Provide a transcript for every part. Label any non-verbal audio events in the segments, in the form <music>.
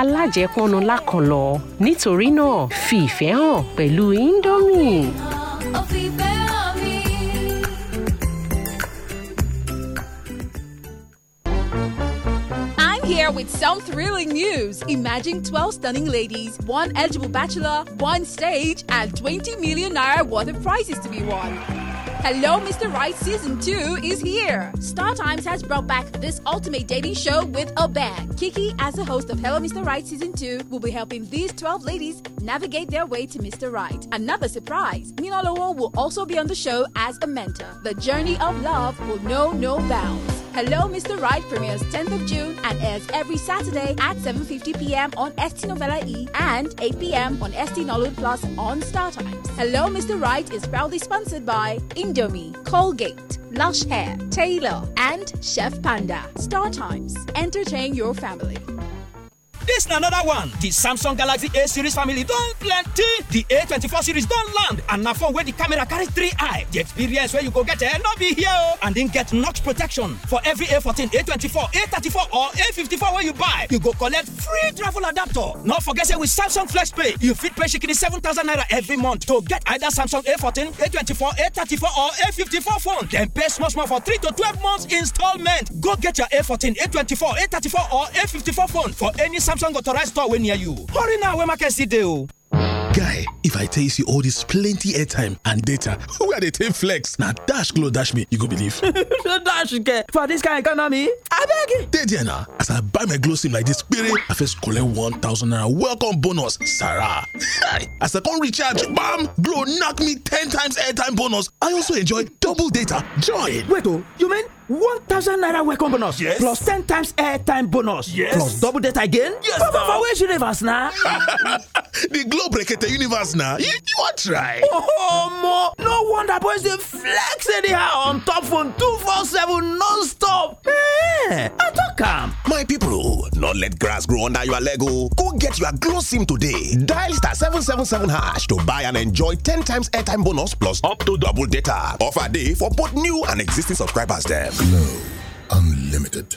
alájẹpọnu lákọlọ nítorí náà fi ìfẹ́ hàn pẹ̀lú Indomie. here with some thrilling news. Imagine 12 stunning ladies, one eligible bachelor, one stage, and 20 million naira worth of prizes to be won. Hello, Mr. Right Season 2 is here. Star Times has brought back this ultimate dating show with a bang. Kiki, as the host of Hello, Mr. Right Season 2, will be helping these 12 ladies navigate their way to Mr. Right. Another surprise, Loo will also be on the show as a mentor. The journey of love will know no bounds. Hello Mr. Right premieres 10th of June and airs every Saturday at 7.50pm on ST Novella E and 8pm on ST Nollywood Plus on Star Times. Hello Mr. Right is proudly sponsored by Indomie, Colgate, Lush Hair, Taylor and Chef Panda. Star Times, entertain your family. This na another one. The Samsung Galaxy A series family don plenty. The A24 series don land and na phone wey the camera carry three eye. The experience wey you go get eh no be here o. Oh. And e get knock protection for every A14, A24, A34 or A54 wey you buy. You go collect free travel adapter. No forget say with Samsung Flex Pay, you fit pay shikini thousand naira every month to get either Samsung A14, A24, A34 or A54 phone. Then pay small small for three to twelve months installment. Go get your A14, A24, A34 or A54 phone for any Samsung samsung authorized store wey near you hurry now wey market still dey o oh? guy if i tell you see all this, plenty airtime and data <laughs> Who are they? take flex Now dash glow dash me you go believe <laughs> dash get for dis kain economy I abeg dey there now as i buy my glow sim like this, kpere i first collect thousand naira welcome bonus sarah <laughs> as i come recharge bam glow knock me ten times airtime bonus i also enjoy double data join wait oh, you mean 1000 naira welcome bonus yes plus 10 times airtime bonus yes plus double data again yes for which universe now? <laughs> the globe breaker universe now. you wan try oh mo, no wonder boys dey flex anyhow on top phone 247 non-stop Hey, eh, i don't am my people, not let grass grow under your lego. Oh. go get your glow sim today dial star 777 hash to buy and enjoy 10 times airtime bonus plus up to double data offer day for both new and existing subscribers There. Glow Unlimited.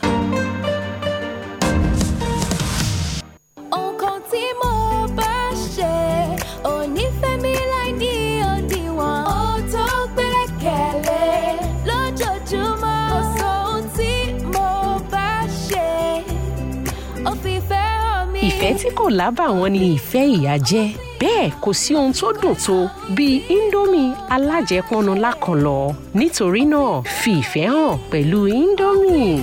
ìfẹ́ tí kò lábàwọ́n ni ìfẹ́ ìyá jẹ́ bẹ́ẹ̀ kò sí ohun tó dùn tó bíi indomie alájẹpọnu lákànlọ́ nítorí náà fi ìfẹ́ hàn pẹ̀lú indomie.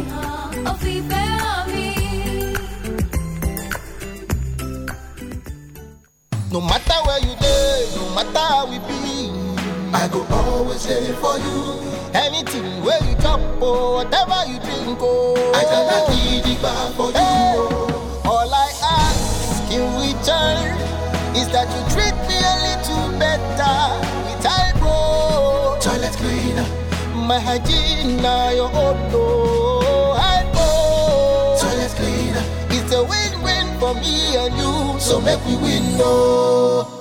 No matter where you dey, no matter how we be, I go always dey for you. Anything wey you chop or oh, whatever you drink, oh, I gada gidigba for you. Hey. Oh. is that you treat me a little better with eyebrow. Toilet cleaner. My hygiene, your own no Toilet cleaner. It's a win-win for me and you, so make we win, no. Oh.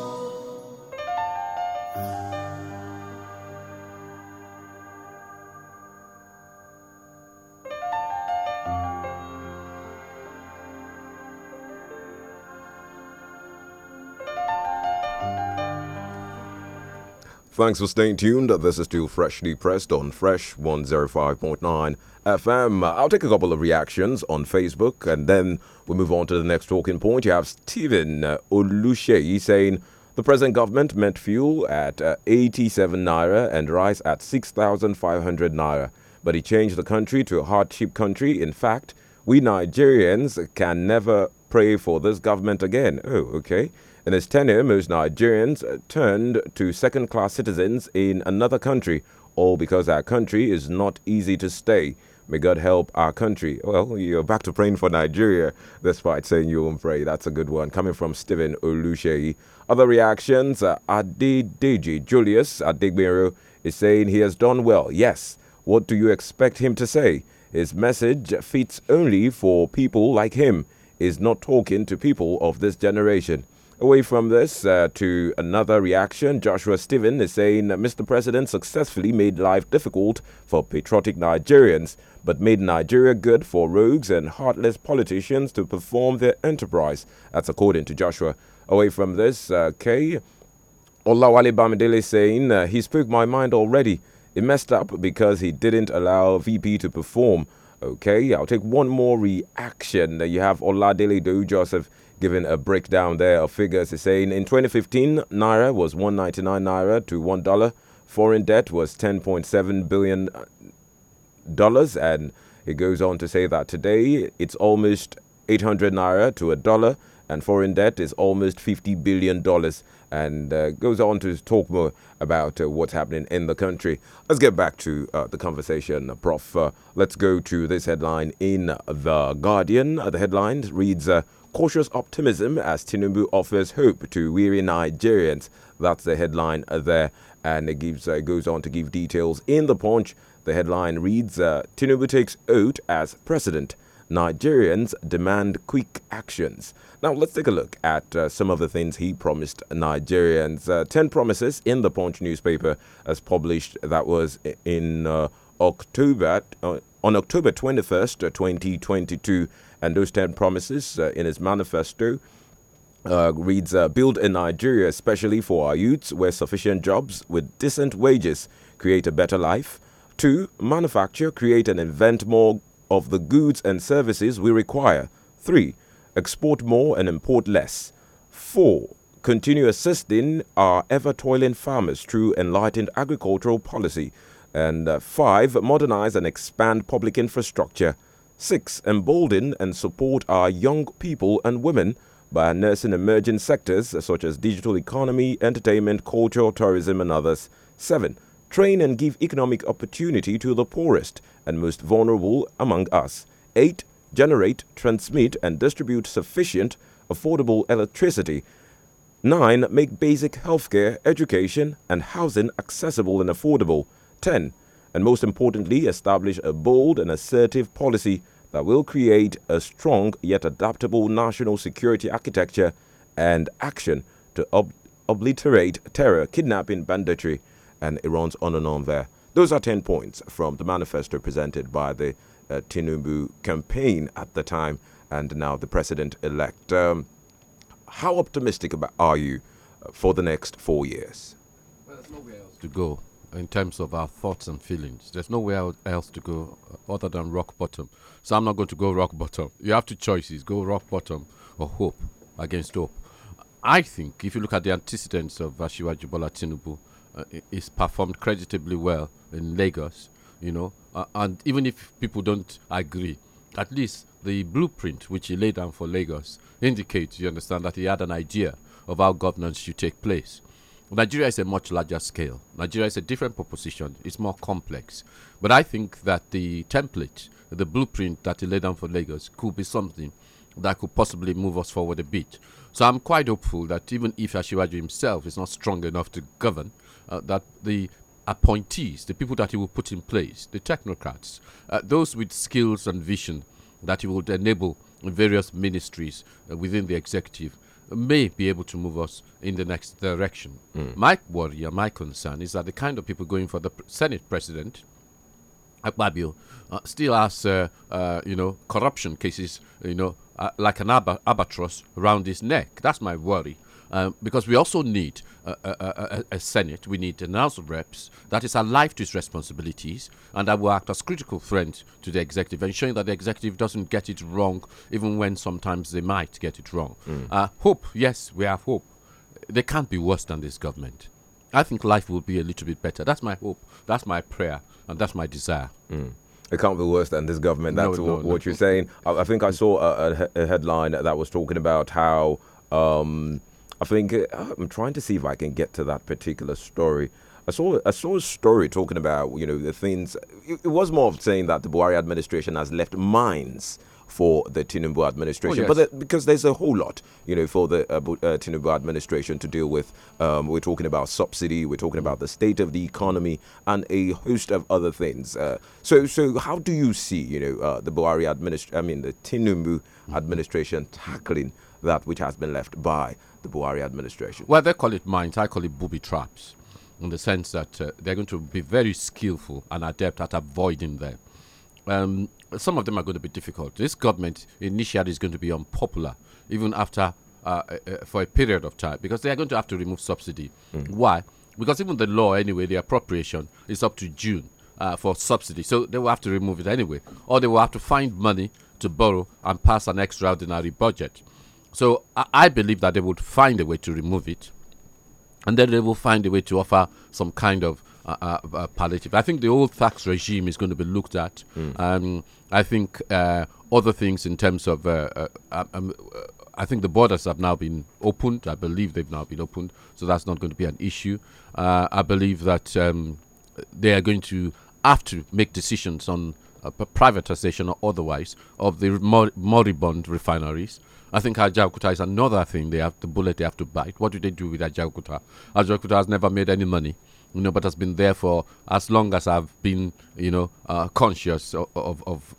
Thanks for staying tuned. This is still freshly pressed on Fresh 105.9 FM. I'll take a couple of reactions on Facebook and then we will move on to the next talking point. You have Stephen uh, Olusheyi saying the present government meant fuel at uh, 87 naira and rice at 6,500 naira, but he changed the country to a hardship country. In fact, we Nigerians can never pray for this government again. Oh, okay. In his tenure, most Nigerians turned to second class citizens in another country, all because our country is not easy to stay. May God help our country. Well, you're back to praying for Nigeria, despite saying you won't pray. That's a good one. Coming from Stephen Olusheyi. Other reactions uh, Adedeji Julius Adegbero is saying he has done well. Yes. What do you expect him to say? His message fits only for people like him. Is not talking to people of this generation. Away from this, uh, to another reaction, Joshua Steven is saying Mr. President successfully made life difficult for patriotic Nigerians, but made Nigeria good for rogues and heartless politicians to perform their enterprise. That's according to Joshua. Away from this, uh, K. Olawale Bamidele saying uh, he spoke my mind already. It messed up because he didn't allow VP to perform. Okay, I'll take one more reaction. You have Oladele Do Joseph giving a breakdown there of figures. He's saying in 2015, Naira was 199 Naira to $1. Foreign debt was $10.7 billion. Uh, and it goes on to say that today it's almost 800 Naira to a dollar. And foreign debt is almost $50 billion. And uh, goes on to talk more about uh, what's happening in the country. Let's get back to uh, the conversation, Prof. Uh, let's go to this headline in The Guardian. Uh, the headline reads uh, Cautious Optimism as Tinubu offers hope to weary Nigerians. That's the headline uh, there. And it gives, goes on to give details in the punch. The headline reads Tinubu takes oath as president. Nigerians demand quick actions. Now, let's take a look at uh, some of the things he promised Nigerians. Uh, 10 promises in the Punch newspaper, as published, that was in uh, October. Uh, on October 21st, uh, 2022, and those 10 promises uh, in his manifesto uh, reads uh, Build a Nigeria, especially for our youths, where sufficient jobs with decent wages create a better life. Two, manufacture, create and invent more of the goods and services we require. 3. Export more and import less. 4. Continue assisting our ever toiling farmers through enlightened agricultural policy. And uh, 5. Modernize and expand public infrastructure. 6. Embolden and support our young people and women by nursing emerging sectors such as digital economy, entertainment, culture, tourism, and others. 7 train and give economic opportunity to the poorest and most vulnerable among us. 8. Generate, transmit and distribute sufficient, affordable electricity. 9. Make basic healthcare, education and housing accessible and affordable. 10. And most importantly, establish a bold and assertive policy that will create a strong yet adaptable national security architecture and action to ob obliterate terror, kidnapping, banditry, and Iran's on and on there. Those are 10 points from the manifesto presented by the uh, Tinubu campaign at the time and now the president elect. Um, how optimistic about, are you uh, for the next four years? Well, there's nowhere else to go in terms of our thoughts and feelings. There's nowhere else to go uh, other than rock bottom. So I'm not going to go rock bottom. You have two choices go rock bottom or hope against hope. I think if you look at the antecedents of Ashiwa Jubola Tinubu, uh, is performed creditably well in Lagos, you know, uh, and even if people don't agree, at least the blueprint which he laid down for Lagos indicates, you understand, that he had an idea of how governance should take place. Nigeria is a much larger scale. Nigeria is a different proposition. It's more complex. But I think that the template, the blueprint that he laid down for Lagos could be something that could possibly move us forward a bit. So I'm quite hopeful that even if Ashiwaju himself is not strong enough to govern, uh, that the appointees, the people that he will put in place, the technocrats, uh, those with skills and vision that he will enable various ministries uh, within the executive uh, may be able to move us in the next direction. Mm. My worry, my concern is that the kind of people going for the Senate president, Akbabio, uh, still has, uh, uh, you know, corruption cases, you know, uh, like an ab albatross around his neck. That's my worry. Uh, because we also need a, a, a, a, Senate, we need an House of Reps that is alive to its responsibilities and that will act as critical friends to the executive, ensuring that the executive doesn't get it wrong, even when sometimes they might get it wrong. Mm. Uh, hope, yes, we have hope. They can't be worse than this government. I think life will be a little bit better. That's my hope, that's my prayer, and that's my desire. Mm it can't be worse than this government. That's no, no, what, no. you're saying. I, I, think I saw a, a, headline that was talking about how. Um, I think uh, I'm trying to see if I can get to that particular story. I saw I saw a story talking about you know the things. It, it was more of saying that the Buhari administration has left mines for the Tinubu oh, administration, oh, yes. but the, because there's a whole lot you know for the uh, uh, Tinubu administration to deal with. Um, we're talking about subsidy, we're talking about the state of the economy, and a host of other things. Uh, so so how do you see you know uh, the Buhari administration? I mean the Tinubu mm-hmm. administration tackling that which has been left by the Buhari administration. Well, they call it mines, I call it booby traps, in the sense that uh, they're going to be very skillful and adept at avoiding them. Um, some of them are going to be difficult. This government initially is going to be unpopular, even after uh, uh, uh for a period of time, because they are going to have to remove subsidy. Mm. Why? Because even the law, anyway, the appropriation is up to June uh, for subsidy, so they will have to remove it anyway, or they will have to find money to borrow and pass an extraordinary budget. So I, I believe that they would find a way to remove it and then they will find a way to offer some kind of uh, uh, uh palliative. I think the old tax regime is going to be looked at. Mm. Um, I think uh, other things in terms of, uh, uh, um, um I think the borders have now been opened. I believe they've now been opened, so that's not going to be an issue. I believe that um, they are going to have to make decisions on privatization or otherwise of the moribund refineries. I think Ajakuta is another thing they have the bullet they have to bite. What do they do with Ajakuta? Ajakuta has never made any money, you know, but has been there for as long as I've been, you know, uh, conscious of of, uh, of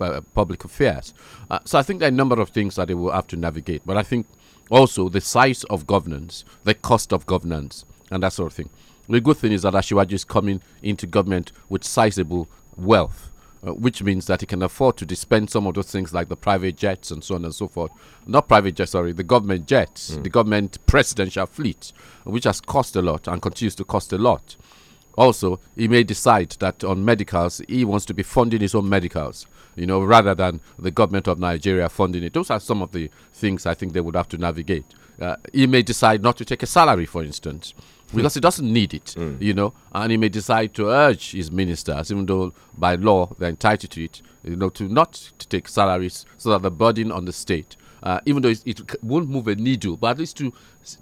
uh, public affairs. Uh, so I think there are a number of things that they will have to navigate. But I think also the size of governance, the cost of governance, and that sort of thing. The good thing is that Ashiwaji is coming into government with sizable wealth uh, which means that he can afford to dispense some of those things like the private jets and so on and so forth. Not private jets, sorry, the government jets, mm. the government presidential fleet, which has cost a lot and continues to cost a lot. Also, he may decide that on medicals, he wants to be funding his own medicals, you know, rather than the government of Nigeria funding it. Those are some of the things I think they would have to navigate. Uh, he may decide not to take a salary, for instance because he doesn't need it, mm. you know, and he may decide to urge his ministers, even though by law they're entitled to it, you know, to not to take salaries so that the burden on the state uh, even though it won't move a needle, but at least to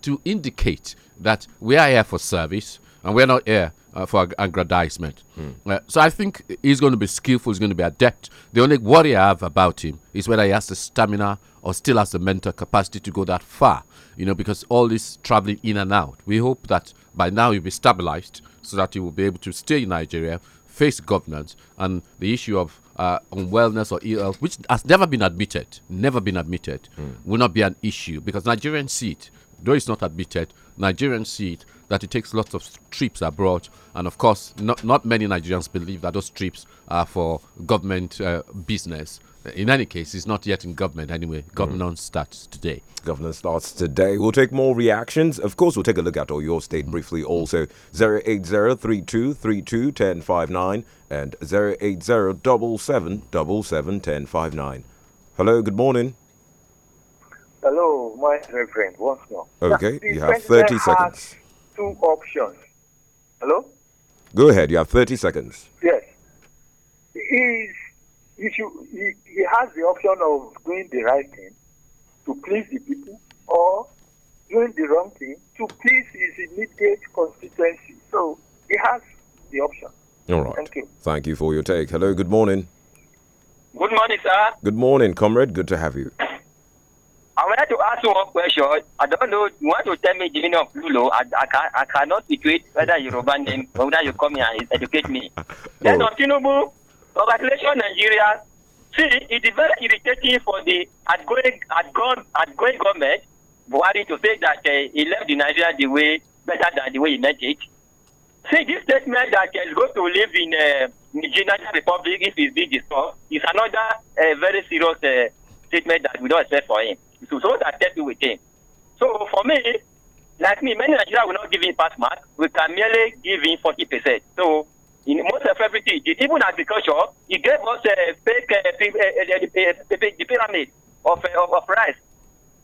to indicate that we are here for service and we're not here uh, for aggrandizement. Mm. Uh, so I think he's going to be skillful, he's going to be adept. The only worry I have about him is whether he has the stamina or still has the mental capacity to go that far, you know, because all this traveling in and out. We hope that by now you'll be stabilized so that you will be able to stay in Nigeria, face governance, and the issue of uh, unwellness or ill health, which has never been admitted, never been admitted, mm. will not be an issue because Nigerians see it. Though it's not admitted, Nigerians see it that it takes lots of trips abroad. And of course, not, not many Nigerians believe that those trips are for government uh, business in any case, he's not yet in government anyway. Governance mm. starts today. Governance starts today. We'll take more reactions. Of course, we'll take a look at all your state mm. briefly also. 08032321059 and 08077771059. Hello, good morning. Hello, my friend. once more. Okay, you have 30 seconds. two options. Hello? Go ahead, you have 30 seconds. Yes should, he, he has the option of doing the right thing to please the people or doing the wrong thing to please his immediate constituency. So he has the option. All right. Thank you. Thank you for your take. Hello, good morning. Good morning, sir. Good morning, comrade. Good to have you. I wanted to ask you one question. I don't know. You want to tell me the meaning of Lulu? I, I, can, I cannot situate whether you're a name, whether you come here and educate me. <laughs> Then oh. Tinubu, Congratulations, Nigeria. See, it is very irritating for the outgoing, outgoing, outgoing government, Buhari, to say that uh, he left the Nigeria the way better than the way he left it. See, this statement that uh, eh, is going to live in uh, eh, Nigerian Republic if it's being discussed is another uh, very serious uh, statement that we don't expect for him. So, so that tells you with him. So for me, like me, many Nigerians will not give him pass mark. We can merely give him 40%. So in most of everything even agriculture, he gave us a fake uh, uh, uh, uh the pyramid of, of, of rice.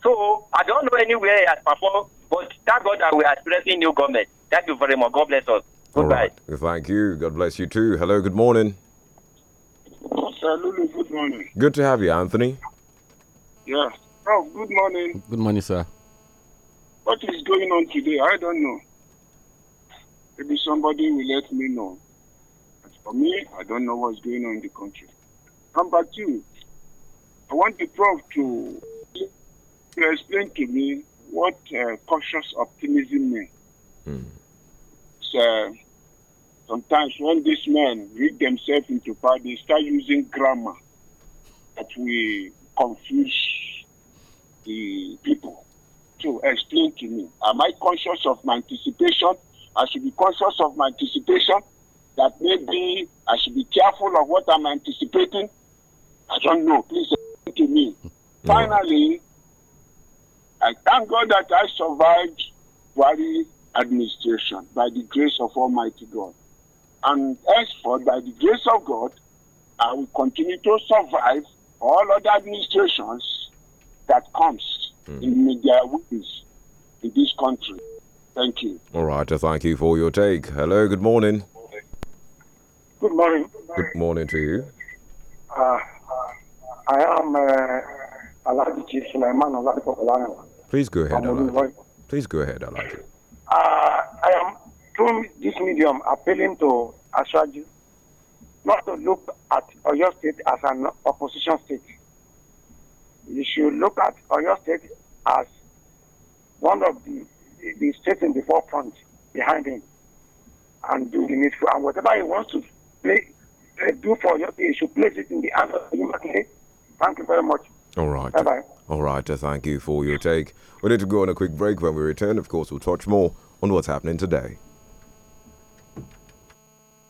So I don't know anywhere he has performed, but thank God that we are experiencing new government. Thank you very much. God bless us. Goodbye. All right. Well, thank you. God bless you too. Hello. Good morning. Absolutely. Good morning. Good to have you, Anthony. Yeah. Oh, good morning. Good morning, sir. What is going on today? I don't know. Maybe somebody will let me know. For me, I don't know what's going on in the country. Number two, I want the prof to, to explain to me what uh, cautious optimism means. Mm. So, uh, sometimes when these men read themselves into power, they start using grammar that we confuse the people. To explain to me, am I conscious of my anticipation? I should be conscious of my anticipation. that maybe I should be careful of what I'm anticipating. I don't know. Please to me. Yeah. Finally, I thank God that I survived Buhari administration by the grace of Almighty God. And as for by the grace of God, I will continue to survive all other administrations that comes mm. in media witness in this country. Thank you. All right. Thank you for your take. Hello. Good morning. Good morning. Good morning to you. Uh, I am uh, Alaji Chief Sulaiman Alaji Popolano. Please go ahead, Alaji. Please go ahead, Alaji. Uh, I am, through this medium, appealing to Ashwaju not to look at Oyo State as an opposition state. You should look at Oyo State as one of the, the states in the forefront behind him and do the needful. And whatever he wants to play, uh, do for your you should place it in the hands of the Thank you very much. All right. Bye bye. All right. Uh, thank you for your take. We need to go on a quick break. When we return, of course, we'll touch more on what's happening today.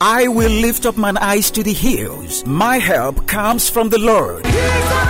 I will lift up mine eyes to the hills. My help comes from the Lord. Jesus!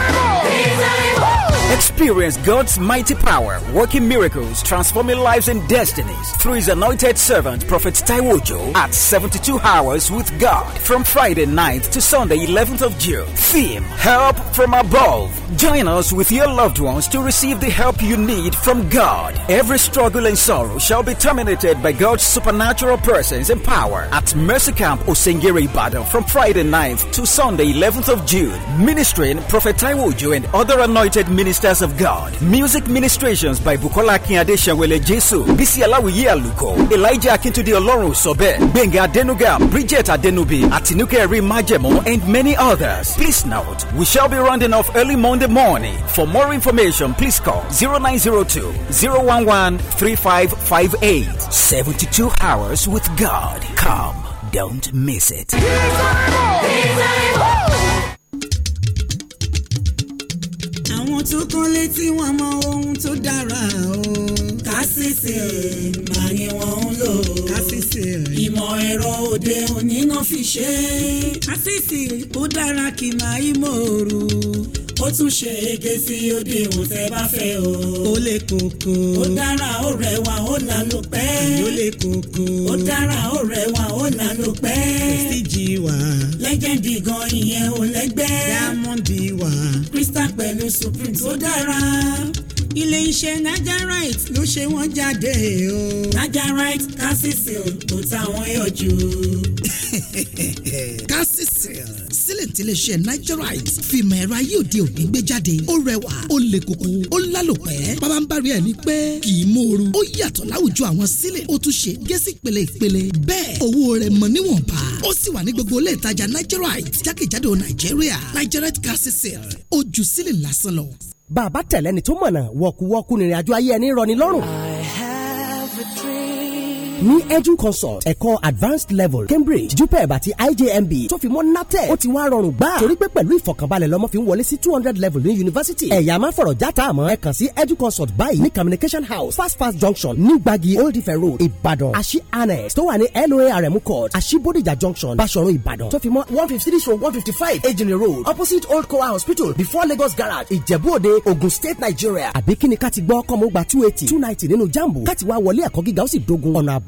Experience God's mighty power, working miracles, transforming lives and destinies through His anointed servant, Prophet Taiwojo, at 72 Hours with God from Friday 9th to Sunday 11th of June. Theme Help from Above. Join us with your loved ones to receive the help you need from God. Every struggle and sorrow shall be terminated by God's supernatural presence and power at Mercy Camp Osengiri from Friday 9th to Sunday 11th of June. Ministering Prophet Taiwojo and other anointed ministers Ministers of God. Music Ministrations by Bukola Akínadé Ṣẹ̀wẹ̀lẹ̀ Jésù. Bísí Aláwìyé Àlùkò. Elijah Akíntúndé Ọlọ́run Sọ̀bẹ̀. Benga Adenuga. Bridget Adenubi. Àtinúkẹ́rì Májẹ̀mọ́ and many others. Please note, we shall be rounding off early Monday morning. For more information, please call 0902 011 3558. 72 hours with God. Come, don't miss it. He's He's tún kán létí wọn mọ ohun tó dára o. kásìsì máa ni wọ́n ń lò. kásìsì ìmọ̀ ẹ̀rọ òde òní náà fi ṣe. kásìsì ó dára kì máa í mòoru ó tún ṣe ege sí odi ìwò tẹ́ bá fẹ́ o. ó lè kókó. ó dára ó rẹwà ó lànà pẹ́. ó lè kókó. ó dára ó rẹwà ó lànà pẹ́. prestige wà. lẹ́gẹ̀dì gan ìyẹn ò lẹ́gbẹ́. diamond wà. crystal pẹ̀lú supreme tó dára ilé iṣẹ́ Nigerite ló ṣe wọ́n jáde o. Nigerite calcicil kò táwọn yọjú. <laughs> calcicil àkọsílẹ̀ tiléeṣẹ́ nigerite fìmọ̀ ẹ̀rọ ayé òde òní gbé jáde ó rẹwà ó le koko ó lálòpẹ́ bàbá ń bari ẹ̀ ní pé kì í mòoru ó yàtọ̀ láwùjọ àwọn sílẹ̀ ó tún ṣe gẹ́sì pèlè ìpèlè bẹ́ẹ̀ owó rẹ̀ mọ̀ níwọ̀nba ó sì wà ní gbogbo ilé ìtajà nigerite jákèjádò nàìjíríà nigerite gas sale ojú sílẹ̀ lásán lọ. bàbá tẹ̀lẹ́ni tó mọ̀nà wọ̀kúwọ́kú nìrìnàjò ayé ẹni rọ̀ ní edu consult ẹ̀kọ́ advanced level cambridge jupeb àti ijmb tó fi mọ́ natec ó ti wá rọrùn gbà torí pé pẹ̀lú ìfọ̀kànbalẹ̀ lọ́mọ fi ń wọlé sí two hundred level ní yunifásitì ẹ̀yà máa fọ̀rọ̀ játa àmọ́ ẹ kàn sí edu consult báyìí ní communication house fast fast junction ní gbagi old ife road ìbàdàn àṣì annex tó wà ní loarm court àṣì Bodija junction basoro ìbàdàn tó fi mọ́ one fifty three to one fifty five ejinle road opposite old kowa hospital before lagos garage ìjẹ̀bú-òde ogun state nigeria àbí kíni ká ti gbọ́ kọ́mọ́gbà two eighty two ninety nínú jambu ká ti wá wọlé ẹ̀kọ́ gíga ó sì dogun ọ̀nà àb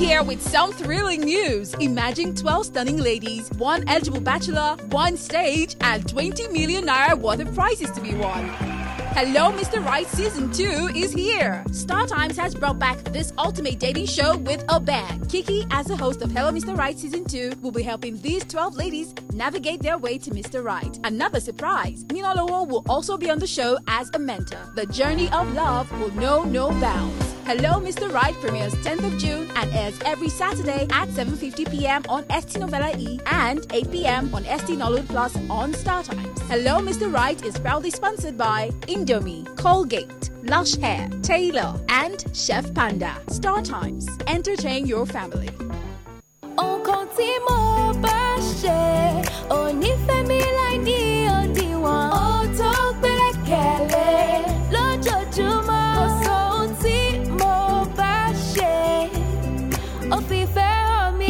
here with some thrilling news. Imagine 12 stunning ladies, one eligible bachelor, one stage, and 20 million naira worth of prizes to be won. Hello, Mr. Right Season 2 is here. Star Times has brought back this ultimate dating show with a bang. Kiki, as the host of Hello, Mr. Right Season 2, will be helping these 12 ladies navigate their way to Mr. Right. Another surprise, Nina Lowell will also be on the show as a mentor. The journey of love will know no bounds. Hello, Mr. Right premieres 10th of June and airs every Saturday at 7.50 p.m. on ST Novella E and 8 p.m. on ST Nollywood Plus on StarTimes. Hello, Mr. Right is proudly sponsored by Indomie, Colgate, Lush Hair, Taylor, and Chef Panda. StarTimes, entertain your family.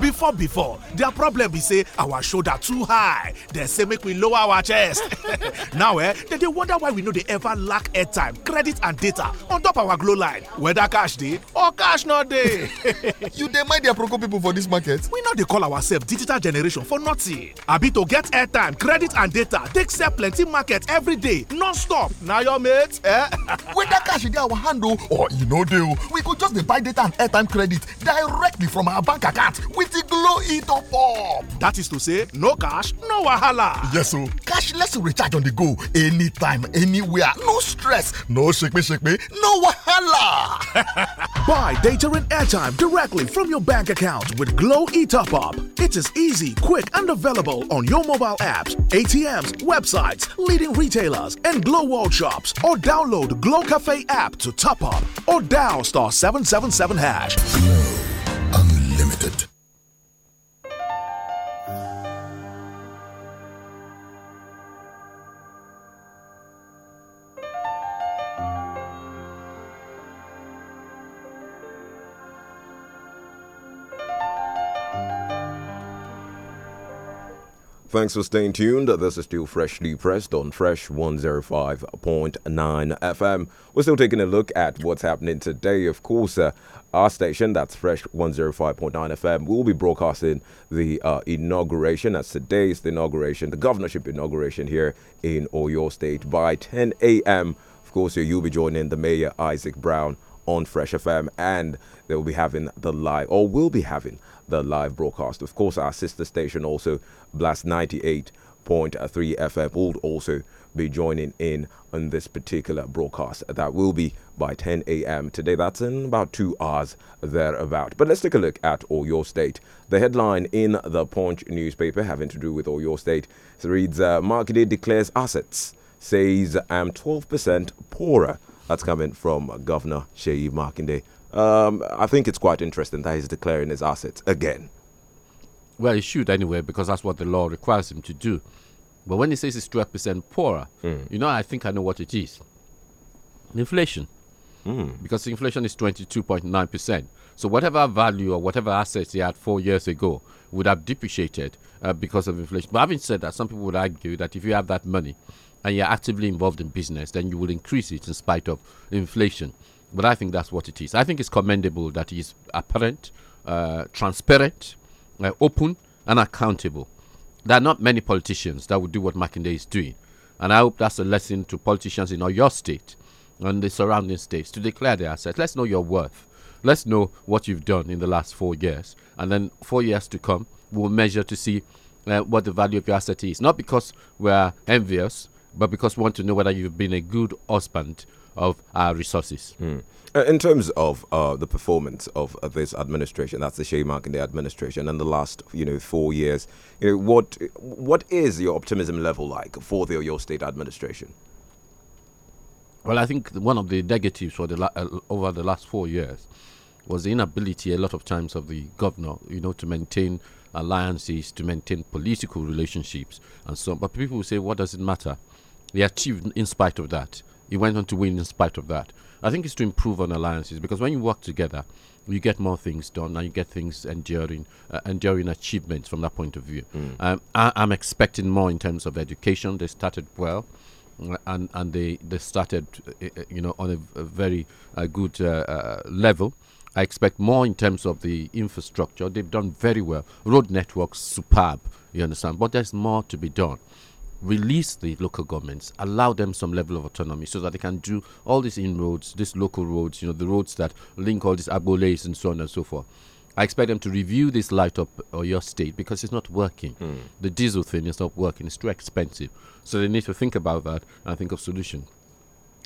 before before their problem be say our shoulder too high dem say make we lower our chest <laughs> now eh dem dey wonder why we no dey ever lack airtime credit and data on top our glow line whether cash dey or cash no dey. <laughs> you dey mind their proco people for this market. we no dey call ourselves digital generation for nothing abi to get airtime credit and data take sell plenty market every day non-stop na your mate. Eh? <laughs> whether cash dey our hand o or e no dey o we go just dey buy data and airtime credit directly from our bank account with Glow It Up That is to say, no cash, no wahala. Yes, so cashless recharge on the go, anytime, anywhere, no stress, no shake me, shake me, no wahala. <laughs> Buy data and airtime directly from your bank account with Glow It Up Up. It is easy, quick, and available on your mobile apps, ATMs, websites, leading retailers, and Glow World shops. Or download Glow Cafe app to top up, or dial star seven seven seven hash. Glow Unlimited. Thanks for staying tuned. This is still freshly pressed on Fresh 105.9 FM. We're still taking a look at what's happening today. Of course, uh, our station, that's Fresh 105.9 FM, will be broadcasting the uh, inauguration. As today is the inauguration, the governorship inauguration here in Oyo State by 10 a.m. Of course, uh, you'll be joining the mayor, Isaac Brown on Fresh FM, and they will be having the live, or will be having the live broadcast. Of course, our sister station also, Blast 98.3 FM, will also be joining in on this particular broadcast. That will be by 10 a.m. today. That's in about two hours thereabout. But let's take a look at all your State. The headline in the Punch newspaper having to do with all your State reads, uh, declares assets, says I'm 12% poorer that's coming from Governor Sheyi Markinde. Um, I think it's quite interesting that he's declaring his assets again. Well, he should anyway, because that's what the law requires him to do. But when he says he's 12% poorer, mm. you know, I think I know what it is inflation. Mm. Because inflation is 22.9%. So whatever value or whatever assets he had four years ago would have depreciated uh, because of inflation. But having said that, some people would argue that if you have that money, and you're actively involved in business, then you will increase it in spite of inflation. But I think that's what it is. I think it's commendable that it's apparent, uh, transparent, uh, open, and accountable. There are not many politicians that would do what Makinde is doing. And I hope that's a lesson to politicians in your state and the surrounding states to declare their assets. Let's know your worth. Let's know what you've done in the last four years. And then four years to come, we'll measure to see uh, what the value of your asset is. Not because we're envious, but because we want to know whether you've been a good husband of our resources. Mm. in terms of uh, the performance of, uh, this administration, that's the in the administration, and the last you know four years, you know what what is your optimism level like for the your State administration? Well, I think one of the negatives for the uh, over the last four years was the inability, a lot of times, of the governor, you know, to maintain alliances, to maintain political relationships, and so on. But people will say, what does it matter? They achieved in spite of that. He went on to win in spite of that. I think it's to improve on alliances because when you work together, you get more things done and you get things enduring, uh, enduring achievements from that point of view. Mm. Um, I, am expecting more in terms of education. They started well. Uh, and and they they started, uh, uh, you know, on a, a very uh, good level. I expect more in terms of the infrastructure. They've done very well. Road networks superb. You understand, but there's more to be done release the local governments, allow them some level of autonomy so that they can do all these inroads, these local roads, you know, the roads that link all these aboles and so on and so forth. I expect them to review this light up or uh, your state because it's not working. Mm. The diesel thing is not working, it's too expensive. So they need to think about that and think of solution.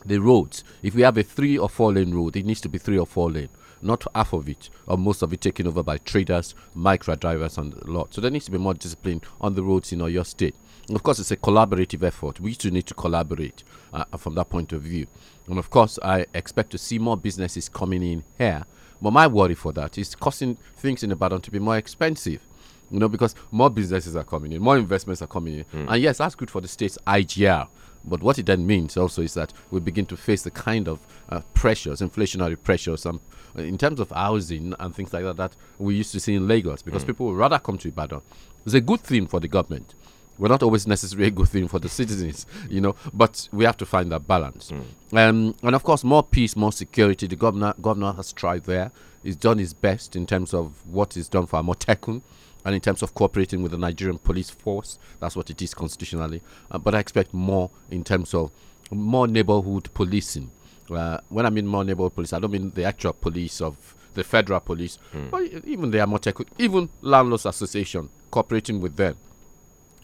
The roads, if we have a three or four lane road, it needs to be three or four lane, not half of it or most of it taken over by traders, micro drivers, and a lot. So there needs to be more discipline on the roads in your state of course, it's a collaborative effort. We too need to collaborate uh, from that point of view. And of course, I expect to see more businesses coming in here. But my worry for that is causing things in the bottom to be more expensive. You know, because more businesses are coming in, more investments are coming in. Mm. And yes, that's good for the state's IGR. But what it then means also is that we begin to face the kind of uh, pressures, inflationary pressures, um, in terms of housing and things like that, that we used to see in Lagos because mm. people would rather come to Ibadan. It's a good thing for the government we're not always necessarily a good thing for the citizens, you know, but we have to find that balance. Mm. Um, and of course, more peace, more security. The governor, governor has tried there. He's done his best in terms of what he's done for Amotekun and in terms of cooperating with the Nigerian police force. That's what it is constitutionally. Uh, but I expect more in terms of more neighborhood policing. Uh, when I mean more neighborhood police, I don't mean the actual police of the federal police, mm. but even the Amotekun, even Landlords Association, cooperating with them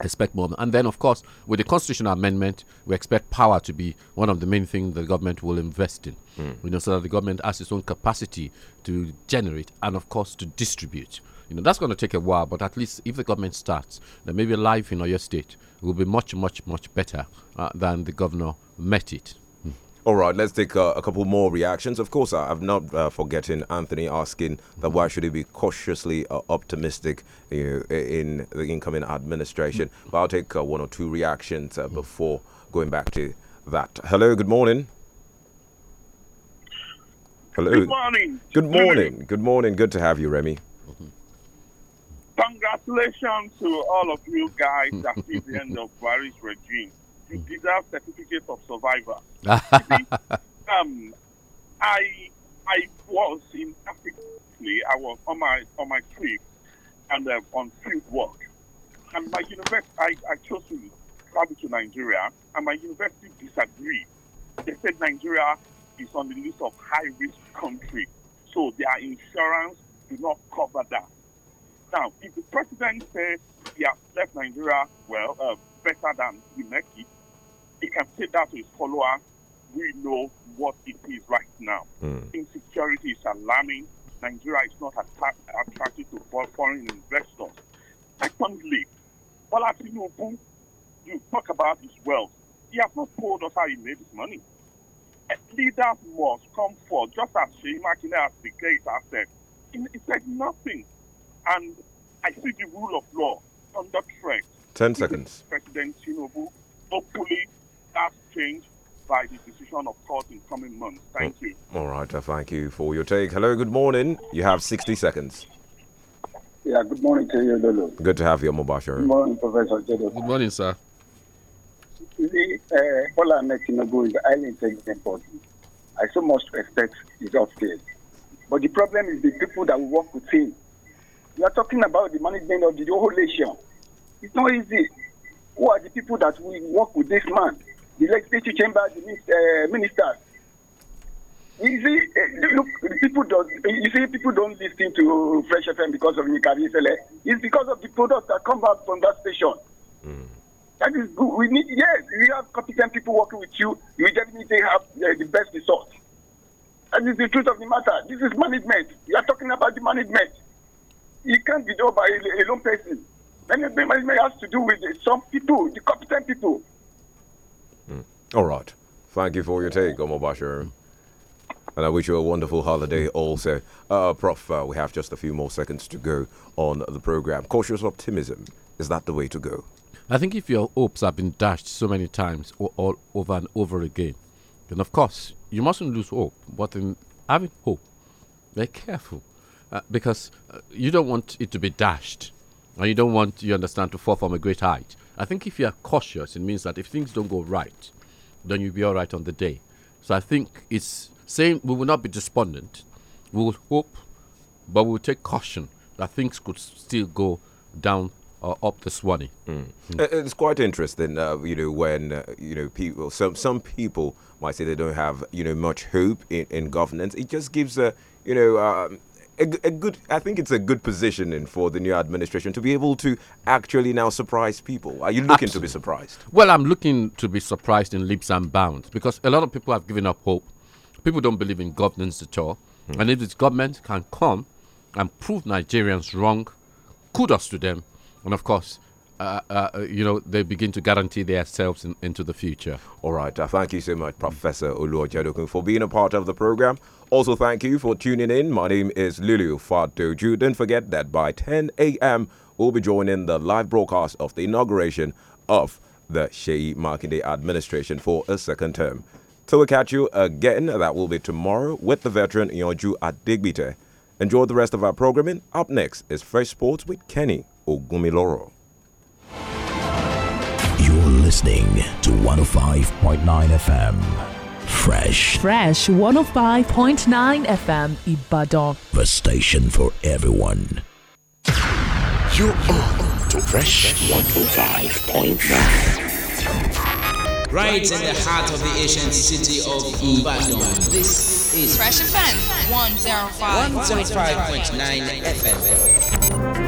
expect more. And then, of course, with the constitutional amendment, we expect power to be one of the main things the government will invest in. Mm. You know, so that the government has its own capacity to generate and, of course, to distribute. You know, that's going to take a while, but at least if the government starts, then maybe life in Oyo State will be much, much, much better uh, than the governor met it. All right, let's take uh, a couple more reactions. Of course, I, am not uh, forgetting Anthony asking that why should he be cautiously uh, optimistic you uh, know, in the incoming administration. But I'll take uh, one or two reactions uh, before going back to that. Hello, good morning. Hello. Good morning. Good morning. Good morning. Good to have you, Remy. Congratulations to all of you guys at the end of Paris regime you deserve certificate of survivor. <laughs> see, um, I I was in Africa. I was on my on my trip and uh, on field work, and my university I, I chose to travel to Nigeria, and my university disagreed. They said Nigeria is on the list of high risk country, so their insurance do not cover that. Now, if the president says he has left Nigeria well uh, better than he left it, he can say that to his followers. We know what it is right now. Mm. Insecurity is alarming. Nigeria is not attack, attracted to foreign investors. Secondly, Bola Tinubu, you talk about his wealth. He has not told us how he made his money. Leaders must come forward, just as Shea Makine has declared said. He said nothing. And I see the rule of law under threat. 10 seconds. President Tinubu, hopefully, that changed by the decision of court in coming months. Thank mm. you. All right. thank you for your take. Hello. Good morning. You have 60 seconds. Yeah. Good morning to you, Lulu. Good to have you, Mubasher. Good morning, Professor Jedo. Good morning, sir. i uh, Bola Tinubu is highly intelligent body. I so much respect his upstairs. But the problem is the people that we work with him. You are talking about the management of the whole nation. It's not easy. Who are the people that we work with this man? the legislative chamber, the uh, ministers. You see, uh, look, people don't. You see, people don't listen to Fresh FM because of Nikari Sele. It's because of the products that come out from that station. Mm. That is good. We need yes, we have competent people working with you. You definitely have uh, the best And That is the truth of the matter. This is management. You are talking about the management. It can't be done by a lone person. Management has to do with some people, the competent people. All right. Thank you for your take, Bashir, And I wish you a wonderful holiday also. Uh, Prof, uh, we have just a few more seconds to go on the program. Cautious optimism, is that the way to go? I think if your hopes have been dashed so many times all, all over and over again, then of course you mustn't lose hope. But in having hope, be careful uh, because uh, you don't want it to be dashed and you don't want, you understand, to fall from a great height. I think if you are cautious, it means that if things don't go right, then you'll be all right on the day. So I think it's saying we will not be despondent. We will hope, but we will take caution that things could still go down or uh, up the Swanee. Mm. Mm. It's quite interesting, uh, you know, when uh, you know people. Some some people might say they don't have you know much hope in, in governance. It just gives a you know um, a, a good. I think it's a good positioning for the new administration to be able to actually now surprise people. Are you looking Absolutely. to be surprised? Well, I'm looking to be surprised in leaps and bounds because a lot of people have given up hope. People don't believe in governance at all, hmm. and if this government can come and prove Nigerians wrong, kudos to them. And of course, uh, uh, you know, they begin to guarantee themselves in, into the future. All right. Uh, thank you so much, Professor Oluwajedokun, for being a part of the program. Also, thank you for tuning in. My name is Lulu Fatoju. Don't forget that by 10 a.m., we'll be joining the live broadcast of the inauguration of the Shei Makinde administration for a second term. Till we catch you again, that will be tomorrow with the veteran Yonju Adigbite. Enjoy the rest of our programming. Up next is Fresh Sports with Kenny Ogumiloro listening to 105.9 FM. Fresh. Fresh 105.9 FM Ibadan. The station for everyone. You are to Fresh 105.9. Right in the heart of the ancient city of Ibadan. This is Fresh FM 105.9 FM.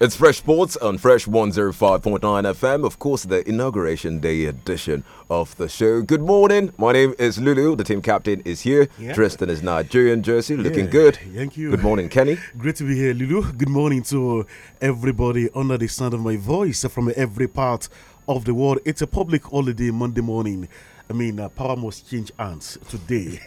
It's Fresh Sports on Fresh 105.9 FM, of course, the inauguration day edition of the show. Good morning. My name is Lulu. The team captain is here, yeah. dressed in his Nigerian jersey, looking yeah, good. Thank you. Good morning, Kenny. Great to be here, Lulu. Good morning to everybody under the sound of my voice from every part of the world. It's a public holiday Monday morning. I mean, uh, power must change hands today.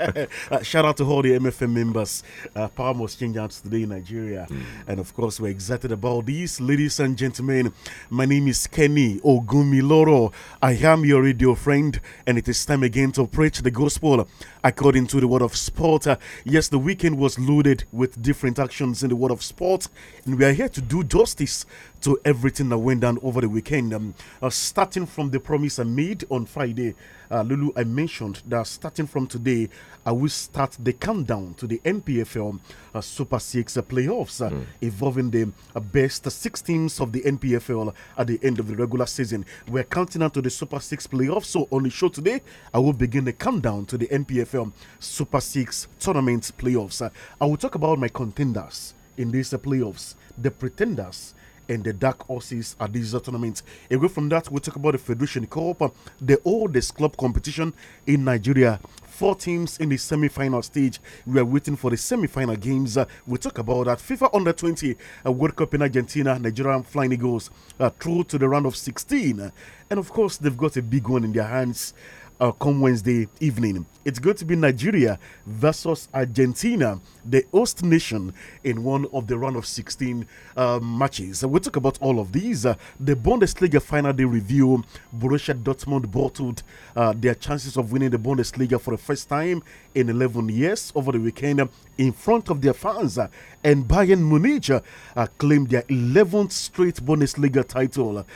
<laughs> uh, shout out to all the MFM members. Uh, power must change hands today in Nigeria. Mm. And of course, we're excited about this. Ladies and gentlemen, my name is Kenny Ogumiloro. I am your radio friend, and it is time again to preach the gospel according to the word of sport. Uh, yes, the weekend was loaded with different actions in the world of sport, and we are here to do justice to everything that went down over the weekend. Um, uh, starting from the promise I made on Friday, uh, Lulu, I mentioned that starting from today, I will start the countdown to the NPFL uh, Super Six uh, playoffs, mm. involving the uh, best six teams of the NPFL at the end of the regular season. We're counting down to the Super Six playoffs. So on the show today, I will begin the countdown to the NPFL Super Six tournament playoffs. I will talk about my contenders in these playoffs, the pretenders and the dark horses at this tournament. Away from that, we'll talk about the Federation Cup, the oldest club competition in Nigeria four teams in the semi-final stage. We are waiting for the semi-final games. Uh, we talk about that FIFA Under 20 uh, World Cup in Argentina. Nigerian Flying Eagles uh, through to the round of 16, and of course they've got a big one in their hands uh, come Wednesday evening. It's going to be Nigeria versus Argentina, the host nation, in one of the round of 16 uh, matches. So we'll talk about all of these. Uh, the Bundesliga final day review Borussia Dortmund bottled uh, their chances of winning the Bundesliga for the first time in 11 years over the weekend in front of their fans. Uh, and Bayern Munich uh, claimed their 11th straight Bundesliga title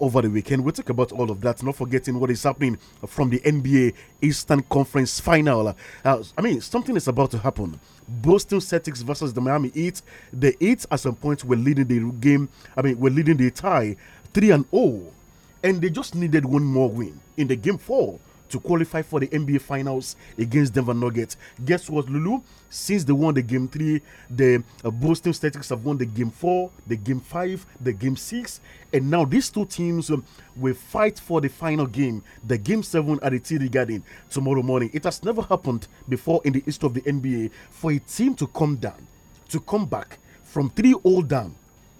over the weekend. We'll talk about all of that, not forgetting what is happening from the end NBA Eastern Conference Final. Uh, I mean, something is about to happen. Boston Celtics versus the Miami Heat. The Heat at some point were leading the game. I mean, were leading the tie, three and zero, oh, and they just needed one more win in the game four to qualify for the NBA Finals against Denver Nuggets. Guess what, Lulu? Since they won the game three, the uh, Boston Celtics have won the game four, the game five, the game six, and now these two teams um, will fight for the final game, the game seven at the TD Garden tomorrow morning. It has never happened before in the history of the NBA for a team to come down, to come back from 3 all down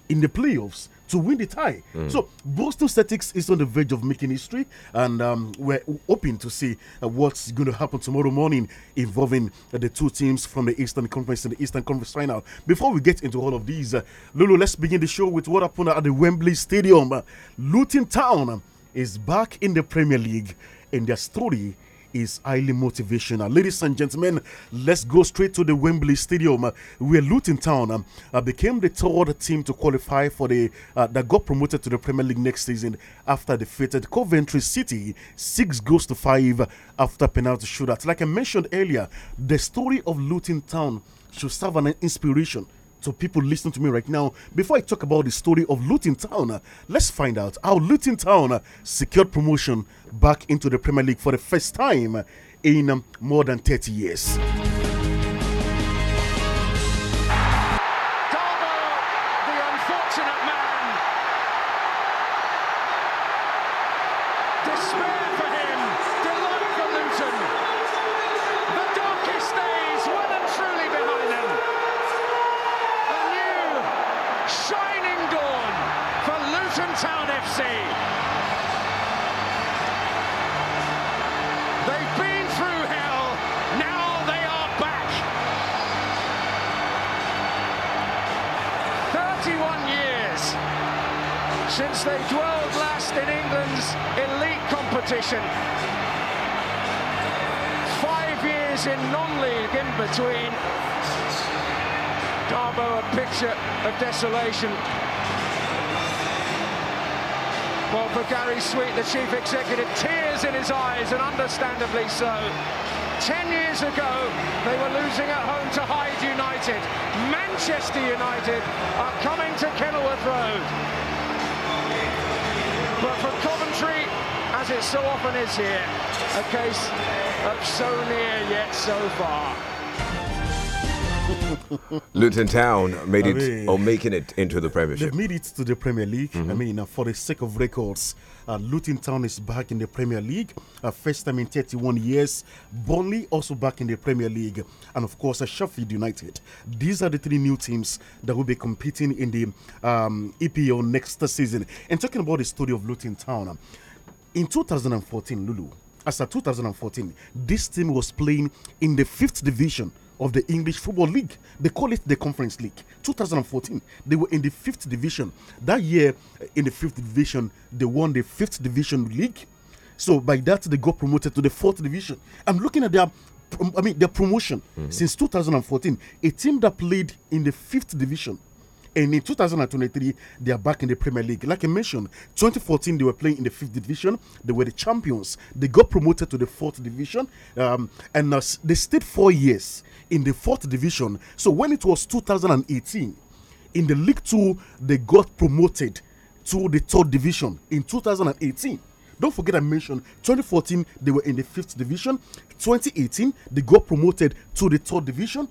in the playoffs to win the tie. Mm. So Boston Celtics is on the verge of making history, and um, we're hoping to see uh, what's going to happen tomorrow morning involving uh, the two teams from the Eastern Conference and the Eastern Conference final. Before we get into all of these, uh, Lulu, let's begin the show with what happened at the Wembley Stadium. Luton Town is back in the Premier League, and their story is highly motivational. Ladies and gentlemen, let's go straight to the Wembley Stadium where Luton Town um, became the third team to qualify for the uh, that got promoted to the Premier League next season after defeated Coventry City six goals to five after penalty shootout. Like I mentioned earlier, the story of Luton Town should serve an inspiration to people listening to me right now, before I talk about the story of Luton Town, let's find out how Luton Town secured promotion back into the Premier League for the first time in um, more than 30 years. Gary Sweet, the chief executive, tears in his eyes, and understandably so. Ten years ago, they were losing at home to Hyde United. Manchester United are coming to Kenilworth Road. But for Coventry, as it so often is here, a case of so near yet so far. <laughs> Luton Town made I it mean, or making it into the Premiership. They made it to the Premier League. Mm -hmm. I mm-hmm. mean, uh, for the sake of records, uh, Luton Town is back in the Premier League, uh, first time in 31 years. Burnley also back in the Premier League, and of course, uh, Sheffield United. These are the three new teams that will be competing in the um, EPL next season. And talking about the story of Luton Town, uh, in 2014, Lulu, as a 2014, this team was playing in the fifth division of the English Football League. They call it the Conference League. 2014, they were in the fifth division. That year, in the fifth division, they won the fifth division league. So by that, they got promoted to the fourth division. I'm looking at their I mean, their promotion mm -hmm. since 2014, a team that played in the fifth division and in 2023, they are back in the Premier League. Like I mentioned, 2014 they were playing in the fifth division. They were the champions. They got promoted to the fourth division, um, and uh, they stayed four years in the fourth division. So when it was 2018, in the League Two, they got promoted to the third division in 2018. Don't forget I mentioned 2014 they were in the fifth division. 2018 they got promoted to the third division.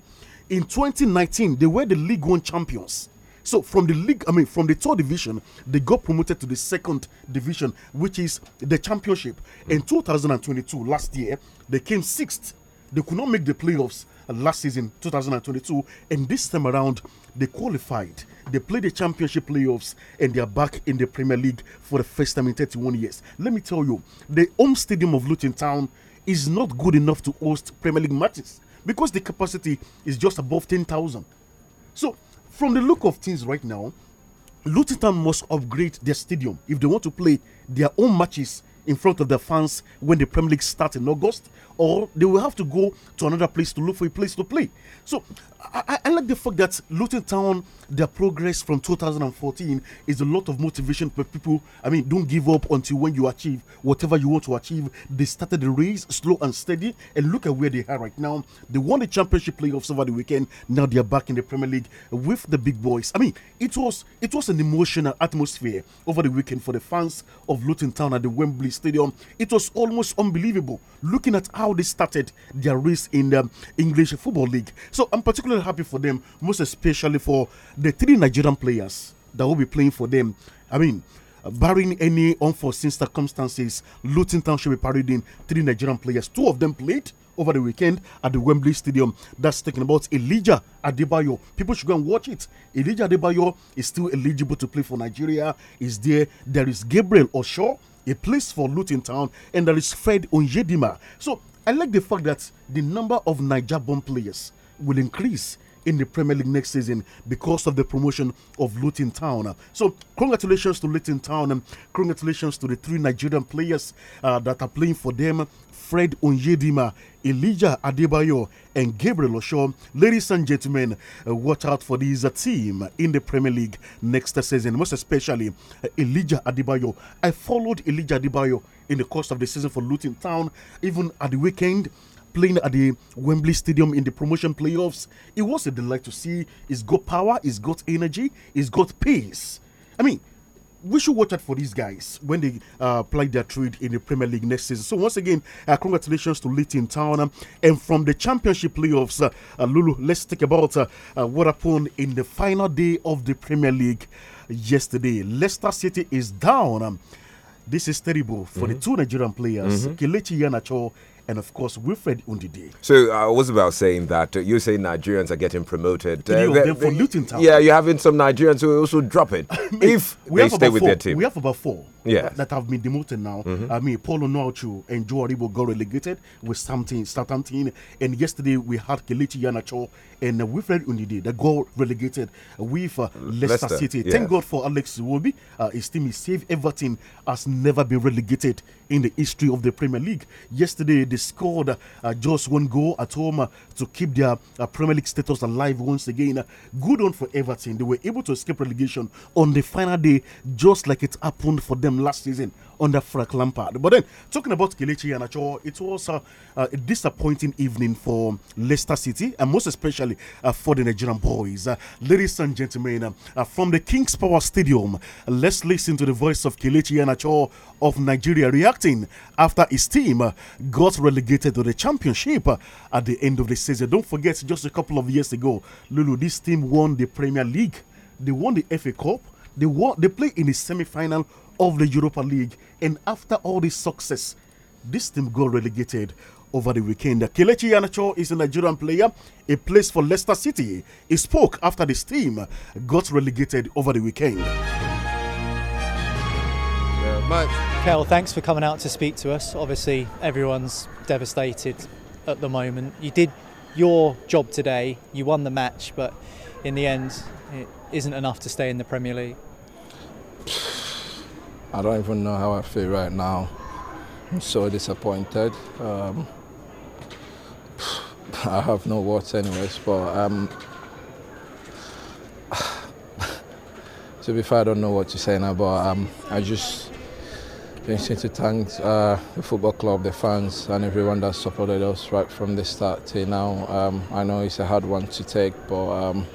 In 2019 they were the League One champions. So from the league, I mean, from the third division, they got promoted to the second division, which is the championship. In 2022, last year, they came sixth. They could not make the playoffs last season, 2022, and this time around, they qualified. They played the championship playoffs and they are back in the Premier League for the first time in 31 years. Let me tell you, the home stadium of Luton Town is not good enough to host Premier League matches because the capacity is just above 10,000. So from the look of things right now, Luton must upgrade their stadium if they want to play their own matches in front of the fans when the Premier League starts in August or they will have to go to another place to look for a place to play. So I, I like the fact that Luton Town, their progress from 2014 is a lot of motivation for people. I mean, don't give up until when you achieve whatever you want to achieve. They started the race slow and steady, and look at where they are right now. They won the championship playoffs over the weekend. Now they are back in the Premier League with the big boys. I mean, it was it was an emotional atmosphere over the weekend for the fans of Luton Town at the Wembley Stadium. It was almost unbelievable looking at how how they started their race in the English Football League. So I'm particularly happy for them, most especially for the three Nigerian players that will be playing for them. I mean, barring any unforeseen circumstances, Luton Town should be parading three Nigerian players. Two of them played over the weekend at the Wembley Stadium. That's talking about Elijah Adebayo. People should go and watch it. Elijah Adebayo is still eligible to play for Nigeria. Is there? There is Gabriel Osho. A place for Luton Town, and there is Fred Onyedima. So I like the fact that the number of Niger born players will increase in the Premier League next season because of the promotion of Luton Town. So, congratulations to Luton Town. Congratulations to the three Nigerian players uh, that are playing for them Fred Onyedima, Elijah Adebayo, and Gabriel Osho. Ladies and gentlemen, uh, watch out for this uh, team in the Premier League next season, most especially uh, Elijah Adebayo. I followed Elijah Adebayo in the course of the season for Luton Town, even at the weekend playing at the Wembley Stadium in the promotion playoffs. It was a delight to see. He's got power, he's got energy, he's got pace. I mean, we should watch out for these guys when they uh, play their trade in the Premier League next season. So once again, uh, congratulations to Leighton Town. Um, and from the Championship playoffs, uh, uh Lulu, let's talk about uh, uh, what happened in the final day of the Premier League yesterday. Leicester City is down. Um, this is terrible for mm -hmm. the mm-hmm. two Nigerian players, mm -hmm. Kelechi and of course Wilfred Undidi. So I was about saying that uh, you say Nigerians are getting promoted. Uh, they for Luton Town. Yeah, you're having some Nigerians who also drop it <laughs> if they stay with four, their team. We have about four Yeah, that, that have been demoted now. Mm -hmm. I mean, Paulo Noachu and Joe Aribo got relegated with something Southampton, and yesterday we had Kelechi Yanacho and uh, Wilfred Undidi that got relegated with uh, Leicester, Leicester, City. Thank God for Alex Iwobi. Uh, his team is safe. Everton has never been relegated in the history of the Premier League. Yesterday, the scored uh, just one goal at home uh, to keep their uh, Premier League status alive once again. good on for Everton. They were able to escape relegation on the final day, just like it happened for them last season under Frank Lampard. But then, talking about Kelechi Iheanacho, it was uh, uh, a disappointing evening for Leicester City, and most especially uh, for the Nigerian boys. ladies and gentlemen, from the King's Power Stadium, let's listen to the voice of Kelechi Iheanacho of Nigeria reacting after his team got relegated to the championship at the end of the season. Don't forget, just a couple of years ago, Lulu, this team won the Premier League, they won the FA Cup, they won, they played in the semi-final of the Europa League, and after all this success, this team got relegated over the weekend. Kelechi Iheanacho is a Nigerian player. A place for Leicester City. He spoke after this team got relegated over the weekend much. Kel, thanks for coming out to speak to us. Obviously, everyone's devastated at the moment. You did your job today, you won the match, but in the end, it isn't enough to stay in the Premier League. <sighs> I don't even know how I feel right now. I'm so disappointed. Um, <sighs> I have no words, anyways, but um, <sighs> to be fair, I don't know what to say now, but um, I just just to thank uh, the football club, the fans, and everyone that supported us right from the start till now. Um, I know it's a hard one to take, but um,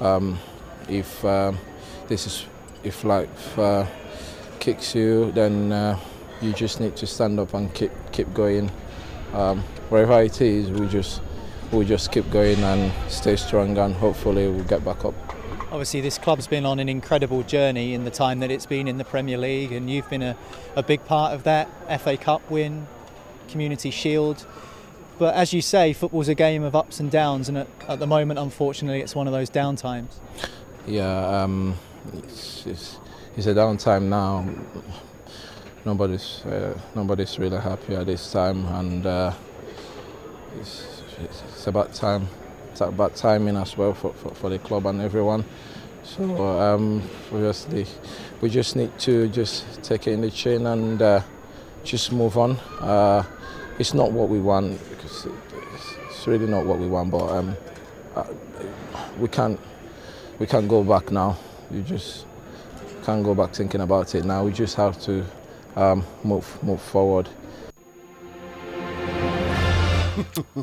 um, if um, this is if life uh, kicks you, then uh, you just need to stand up and keep keep going. Um, wherever it is, we just we just keep going and stay strong, and hopefully we'll get back up. Obviously, this club's been on an incredible journey in the time that it's been in the Premier League, and you've been a, a big part of that FA Cup win, Community Shield. But as you say, football's a game of ups and downs, and at, at the moment, unfortunately, it's one of those downtimes. Yeah, um, it's, it's, it's, a downtime now. Nobody's uh, nobody's really happy at this time, and uh, it's, it's, about time bad timing as well for, for, for the club and everyone. So um, obviously, we just need to just take it in the chin and uh, just move on. Uh, it's not what we want because it's really not what we want. But um, uh, we can't we can't go back now. You just can't go back thinking about it now. We just have to um, move move forward.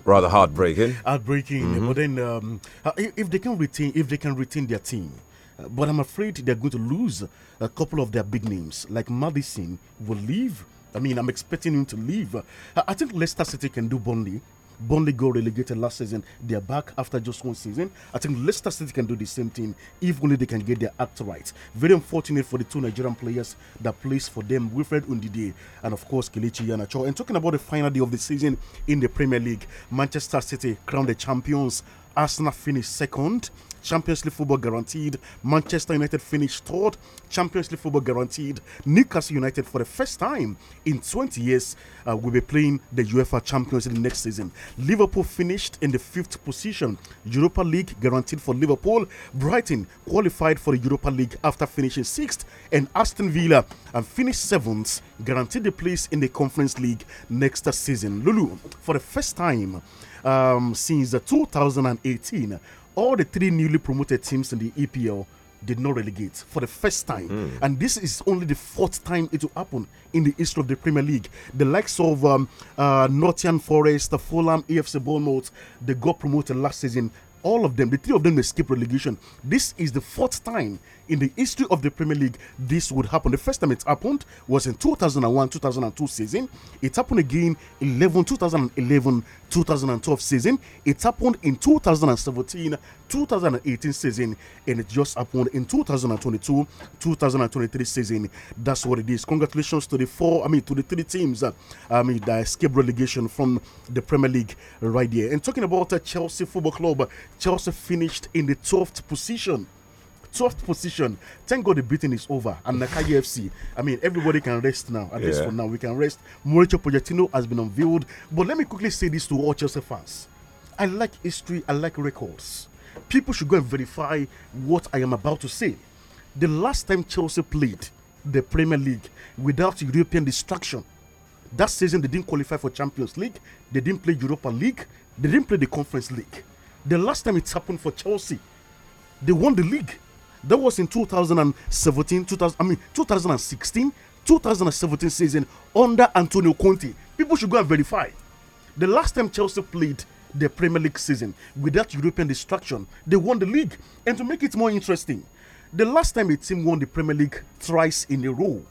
Rather heartbreaking. Heartbreaking. Mm -hmm. But then, um, uh, if they can retain, if they can retain their team, uh, but I'm afraid they're going to lose a couple of their big names, like Madison will leave. I mean, I'm expecting him to leave. Uh, I think Leicester City can do Burnley. Burnley got relegated last season. They are back after just one season. I think Leicester City can do the same thing if only they can get their act right. Very unfortunate for the two Nigerian players that plays for them, Wilfred Undidi and of course Kelechi Iheanacho. And talking about the final day of the season in the Premier League, Manchester City crowned the champions. Arsenal finished second. Champions League football guaranteed. Manchester United finished third. Champions League football guaranteed. Newcastle United, for the first time in 20 years, uh, will be playing the UEFA Champions League next season. Liverpool finished in the fifth position. Europa League guaranteed for Liverpool. Brighton qualified for the Europa League after finishing sixth, and Aston Villa and uh, finished seventh, guaranteed the place in the Conference League next season. Lulu, for the first time um, since 2018, all the three newly promoted teams in the EPL did not relegate for the first time. Mm. And this is only the fourth time it will happen in the history of the Premier League. The likes of um, uh, Nottingham Forest, the Fulham, AFC Bournemouth, they got promoted last season. All of them, the three of them escaped relegation. This is the fourth time in the history of the Premier League this would happen. The first time it happened was in 2001-2002 season. It happened again 11 2011-2012 season. It happened in 2017-2018 season and it just happened in 2022-2023 season. That's what it is. Congratulations to the four, I mean to the three teams uh, I mean that escaped relegation from the Premier League right there. And talking about uh, Chelsea Football Club, Chelsea finished in the 12th position 12th position. Thank God the beating is over. And Nakai FC, I mean, everybody can rest now. At yeah. least for now, we can rest. Mauricio Pochettino has been unveiled. But let me quickly say this to all Chelsea fans I like history, I like records. People should go and verify what I am about to say. The last time Chelsea played the Premier League without European distraction, that season they didn't qualify for Champions League, they didn't play Europa League, they didn't play the Conference League. The last time it happened for Chelsea, they won the league that was in 2017, 2000, I mean 2016, 2017 season under Antonio Conte. People should go and verify. The last time Chelsea played the Premier League season without European distraction, they won the league. And to make it more interesting, the last time a team won the Premier League thrice in a row,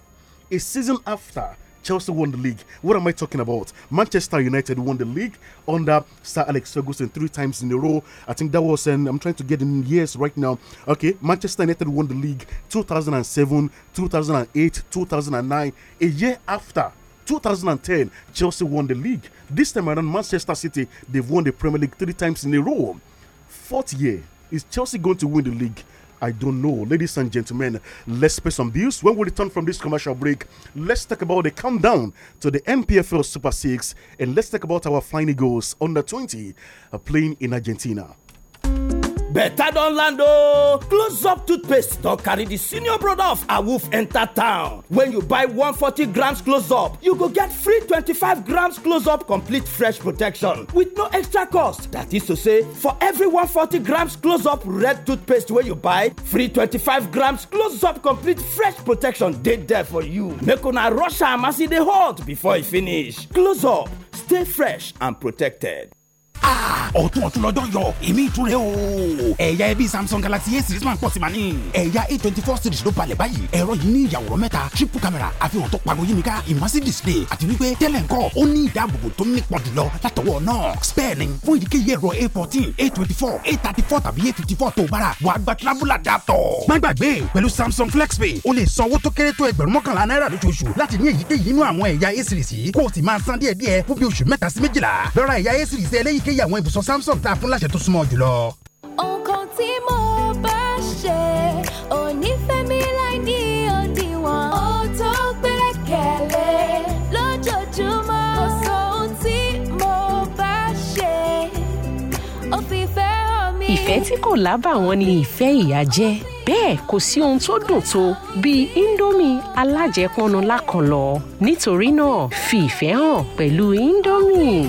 a season after Chelsea won the league. What am I talking about? Manchester United won the league under Sir Alex Ferguson three times in a row. I think that was, and I'm trying to get in years right now. Okay, Manchester United won the league 2007, 2008, 2009, a year after 2010, Chelsea won the league. This time around, Manchester City, they've won the Premier League three times in a row. Fourth year, is Chelsea going to win the league? I don't know. Ladies and gentlemen, let's pay some bills. When we return from this commercial break, let's talk about the countdown to the NPFL Super Six and let's talk about our final goals under 20 uh, playing in Argentina better don land oh! close up toothpaste don carry the senior brother of awoof enter town when you buy 140 grams close up you go get free 25 grams close up complete fresh protection with no extra cost that is to say for every 140 grams close up red toothpaste wey you buy free 25 grams close up complete fresh protection dey there for you make una rush am as e dey hot before e finish close up stay fresh and protected. Ah, ọ̀tún ọ̀tún lọ́jọ́ yọ èmi ìtúre o. ẹ̀yà ẹbí samsung galaxy a series máa ń pọ̀ sí ma ní. ẹ̀yà a twenty four series ló balẹ̀ báyìí ẹ̀rọ yìí ní ìyàwòrán mẹ́ta triple camera àfihàn tó pariwo yìí mi ká immersive display àti wípé tẹ́lẹ̀ ńkọ́ ó ní ìdáàbòbò tó nípọn jùlọ látọwọ́ knox bẹ́ẹ̀ ni fún ìdíkẹ́yẹ ẹ̀rọ a fourteen a twenty four a thirty four tàbí a fifty four tó bára wà á gba travel adapter. má gbàgbé pẹ̀lú samsung flexpay o lè san owó tó kéré tó ẹgbẹ̀rún mọ́kànlá náírà lóṣooṣù láti ní èyíkéyìí inú àwọn ẹ̀yà a series yìí kó o sì máa san díẹ̀díẹ̀ fún bí oṣù mẹ́ta sí èyíkéyìí àwọn ibùsọ̀ Samsung tá a fún láṣẹ tó súnmọ́ jùlọ. nǹkan tí mo bá ṣe ò ní fẹ́ mi láì ní òdiwọ̀n ó tó gbẹ́kẹ̀lé lójoojúmọ́ kò sọ ohun tí mo bá ṣe ó fi fẹ́ hàn mí. ìfẹ́ tí kò lábàwọ́n ni ìfẹ́ ìyá jẹ́ bẹ́ẹ̀ kò sí ohun tó dùn tó bíi indomie alájẹpọnu lákọlọ nítorí náà fi ìfẹ́ hàn pẹ̀lú indomie.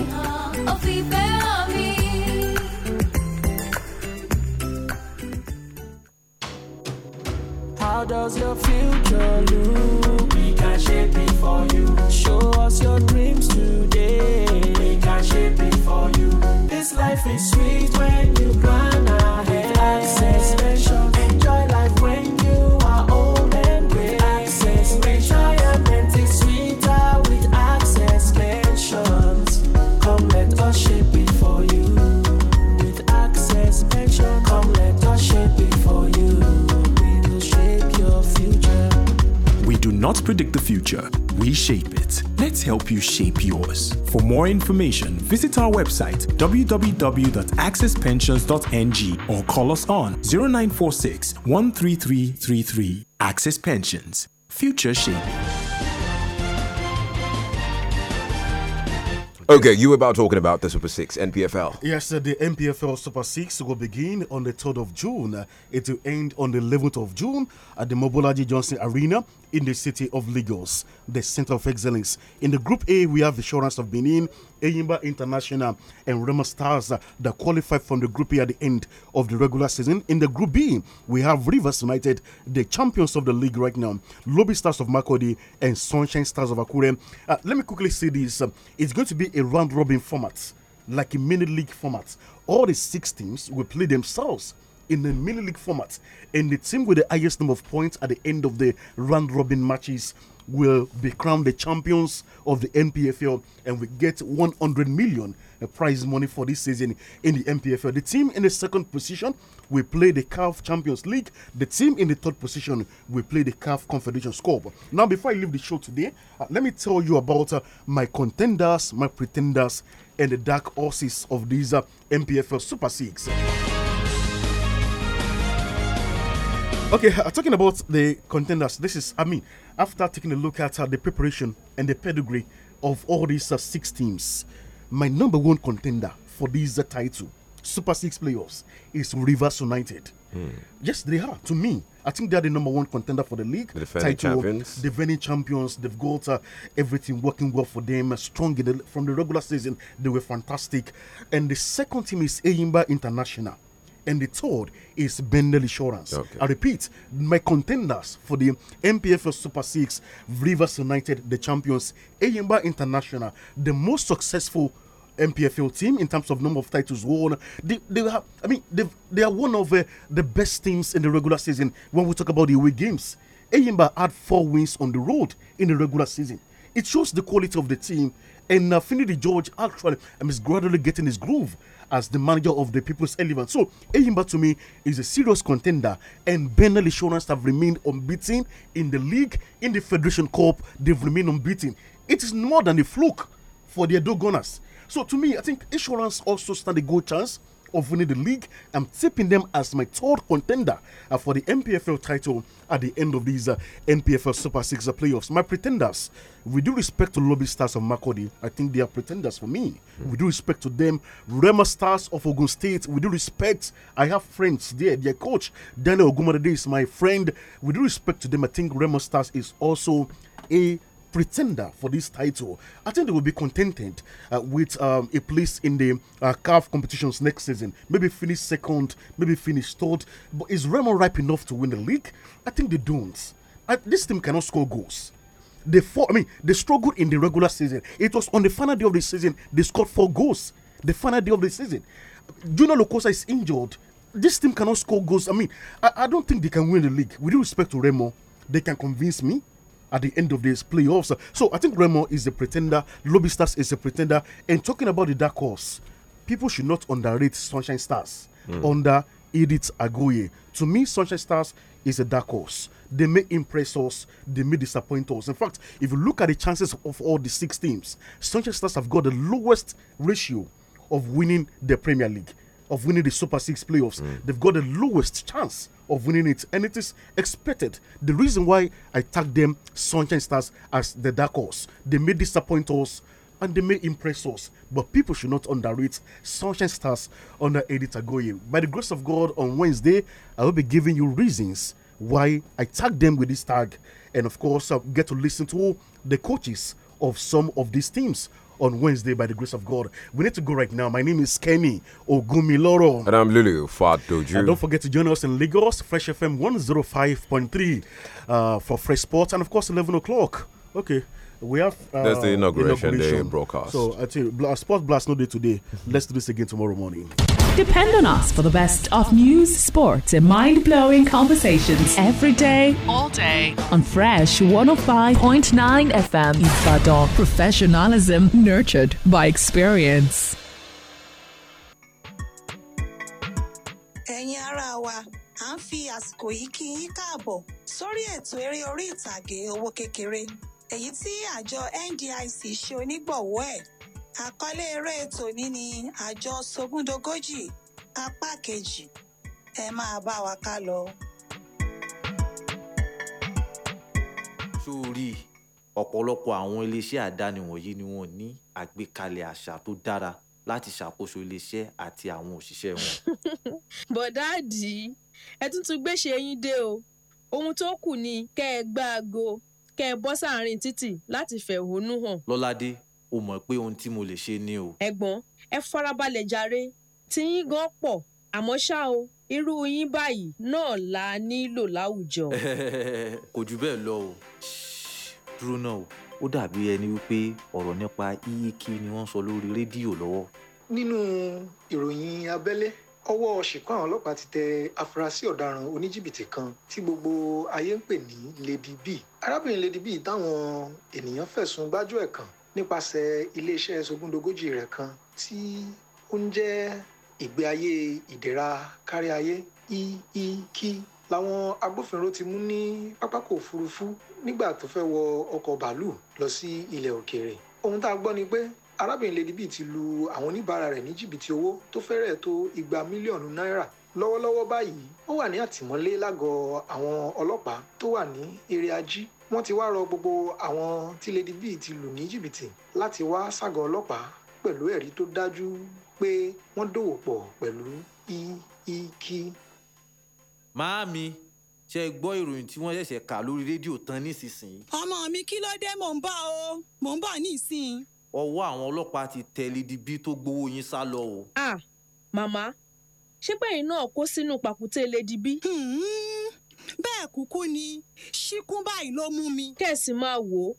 How does your future look? We can shape it for you. Show us your dreams today. We can shape it for you. This life is sweet when you plan ahead. not predict the future, we shape it. Let's help you shape yours. For more information, visit our website www.accesspensions.ng or call us on 0946 13333. Access Pensions, future shaping. Okay, you were about talking about the Super 6 NPFL. Yes, the NPFL Super 6 will begin on the 3rd of June. It will end on the 11th of June at the Mobolaji Johnson Arena in the city of Lagos, the center of excellence. In the Group A, we have the Assurance of Benin, Eyimba International, and Rema Stars uh, that qualified from the Group A at the end of the regular season. In the Group B, we have Rivers United, the champions of the league right now, Lobby Stars of Makodi, and Sunshine Stars of Akure. Uh, let me quickly say this uh, it's going to be a round robin format, like a mini league format. All the six teams will play themselves in the mini league format, and the team with the highest number of points at the end of the round robin matches will be crowned the champions of the NPFL and we get 100 million uh, prize money for this season in the NPFL. The team in the second position will play the CAF Champions League. The team in the third position will play the CAF Confederation Cup. Now, before I leave the show today, uh, let me tell you about uh, my contenders, my pretenders, and the dark horses of these uh, MPFL Super Six. Okay, uh, talking about the contenders, this is, I mean, after taking a look at uh, the preparation and the pedigree of all these uh, six teams, my number one contender for this uh, title, Super Six playoffs, is Rivers United. Mm. Yes, they are. To me, I think they are the number one contender for the league. The defending title, champions. Defending champions. They've got uh, everything working well for them. Uh, strong the, from the regular season, they were fantastic. And the second team is Eyimba International and the third is Bendel Insurance. Okay. I repeat, my contenders for the MPFL Super Six, Rivers United, the champions, Ayimba International, the most successful MPFL team in terms of number of titles won. They, they have, I mean, they are one of uh, the best teams in the regular season when we talk about the away games. Eyimba had four wins on the road in the regular season. It shows the quality of the team, and Affinity uh, George actually I is gradually getting his groove as the manager of the People's Elephant. So Eyimba to me is a serious contender, and Benel Insurance have remained unbeaten in the league, in the Federation Cup, they've remained unbeaten. It is more than a fluke for the Edo Gunners. So to me, I think insurance also stand a good chance of winning the league. I'm tipping them as my third contender uh, for the MPFL title at the end of these uh, NPFL Super Six uh, playoffs. My pretenders, We do respect to Lobby Stars of Makodi, I think they are pretenders for me. Mm. do respect to them, Rema Stars of Ogun State, We do respect, I have friends there. Their coach, Daniel Ogumadade, is my friend. We do respect to them, I think Rema Stars is also a pretender for this title, I think they will be contented uh, with um, a place in the uh, calf competitions next season. Maybe finish second, maybe finish third. But is Remo ripe enough to win the league? I think they don't. I, this team cannot score goals. They fought, I mean, they struggled in the regular season. It was on the final day of the season they scored four goals. The final day of the season, Junior Locosa is injured. This team cannot score goals. I mean, I, I don't think they can win the league. With respect to Remo, they can convince me at the end of this playoffs. So I think Remo is a pretender, Lobby Stars is a pretender. And talking about the dark horse, people should not underrate Sunshine Stars mm. under Edith Agoye. To me, Sunshine Stars is a dark horse. They may impress us, they may disappoint us. In fact, if you look at the chances of all the six teams, Sunshine Stars have got the lowest ratio of winning the Premier League of winning the Super Six playoffs. Mm. They've got the lowest chance of winning it, and it is expected. The reason why I tag them Sunshine Stars as the dark horse, they may disappoint us and they may impress us, but people should not underrate Sunshine Stars under Edith Agoye. By the grace of God, on Wednesday, I will be giving you reasons why I tag them with this tag, and of course, I'll get to listen to the coaches of some of these teams on Wednesday by the grace of God. We need to go right now. My name is Kenny Ogumiloro. And I'm Lulu Fatoju. And don't forget to join us in Lagos, Fresh FM 105.3 uh, for Fresh Sports. And of course, 11 o'clock. Okay we have uh, that's the inauguration, inauguration, day broadcast. So I tell you, Blast no day today. Let's do this again tomorrow morning. Depend on us for the best of news, sports, and mind blowing conversations every day, all day on Fresh 105.9 FM. Ibadan. Professionalism nurtured by experience. wa sórí ètò eré orí ìtàgé owó kékeré èyí tí àjọ NDIC ṣe onígbọ̀wọ́ ẹ̀ àkọlé eré tòní ni àjọ sógúndogójì apá kejì ẹ máa bá wa ká lọ. sórí ọ̀pọ̀lọpọ̀ àwọn iléeṣẹ́ àdáni wọ̀nyí ni wọ́n ní àgbékalẹ̀ àṣà tó dára láti ṣàkóso iléeṣẹ́ àti àwọn òṣìṣẹ́ wọn. <laughs> bọ̀dáàdì ẹ tún tún gbéṣẹ́ yín dé o ohun tó kù ni kẹ́ ẹ gbá kẹ́ ẹ bọ́ sáàrin títì láti fẹ̀hónú hàn. lọ́ládé o mọ̀ pé ohun tí mo lè ṣe ni o. ẹ̀gbọ́n ẹ farabalẹ̀ jàre tí yín gan pọ̀ àmọ́ ṣá o irú yín báyìí náà la nílò láwùjọ. <laughs> kò jù bẹ́ẹ̀ lọ o dúró náà o ó dàbí ẹni wípé ọ̀rọ̀ nípa iyiki ni wọ́n sọ lórí rédíò lọ́wọ́. nínú ìròyìn abẹ́lé ọwọ́ ṣìkọ́ àwọn ọlọ́pàá ti tẹ afurasí ọ̀daràn oníjìbìtì kan tí gbogbo ayé ń pè ní Lady B arábìnrin Lady B táwọn ènìyàn fẹ̀sùn gbájúẹ̀ kàn nípasẹ̀ iléeṣẹ́ sogúndogójì rẹ̀ kan tí ó ń jẹ́ ìgbé ayé ìdẹ̀ra kárí ayé eek làwọn agbófinró ti mú ní pápákọ̀ òfurufú nígbà tó fẹ́ wọ ọkọ̀ bàálù lọ sí ilẹ̀ òkèèrè ohun tá a gbọ́ ni pé arábìnrin lady bíi ti lu àwọn oníbàárà rẹ̀ ní jìbìtì owó tó fẹ́rẹ̀ tó igba mílíọ̀nù náírà lọ́wọ́lọ́wọ́ báyìí ó wà ní àtìmọ́lé lágọ̀ọ́ àwọn ọlọ́pàá tó wà ní eré ají wọ́n ti wá rọ gbogbo àwọn tí lady bíi ti lù ní jìbìtì láti wá ságọ̀ ọlọ́pàá pẹ̀lú ẹ̀rí tó dájú pé wọ́n dòwò pọ̀ pẹ̀lú iiki. Màámi ṣe gbọ́ ìròyìn tí wọ́n ṣẹ̀ṣẹ̀ kà lórí rédíò tán nísinsìnyí. ọmọ mi kí ló dé mò ń bọ̀ o mò ń bọ̀ nísìnyí ọwọ́ àwọn ọlọ́pàá ti tẹ Lídìbí tó gbowó yín sá lọ o. ah màmá ṣé bẹ́ẹ̀ náà kó sínú pàkúté Lídìbí. Hmm, bẹ́ẹ̀ kúkú ni ṣíkún báyìí ló mú mi. kẹ́sì máa wò ó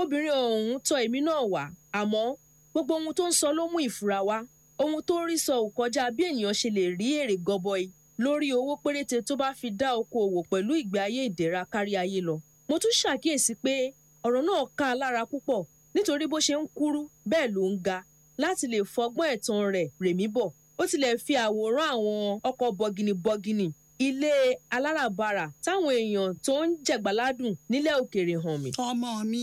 obìnrin ọ̀hún tọ èmi náà wá àmọ́ gbogbo ohun tó ń sọ ló mú ìfura wá ohun tó rí sọ ò kọjá bí ènìyàn ṣe lè rí èrè gọbọi lórí owó péréte tó bá fi dá okoòwò pẹ̀lú ìgbé ayé ìdẹ̀ra kárí ayé lọ mo tún ṣàkíyèsí pé ọ̀rọ̀ náà ká a lára púpọ̀ nítorí bó ṣe ń kúrú bẹ́ẹ̀ ló ń ga láti lè fọgbọ́n ẹ̀tàn rẹ̀ rèmí bọ̀ ó tilẹ̀ fi àwòrán àwọn ọkọ̀ bọ̀gìnìbọ̀gìnì ilé aláràbarà táwọn èèyàn tó ń jẹ̀gbáládùn nílẹ̀ òkèèrè hàn mí. ọmọ mi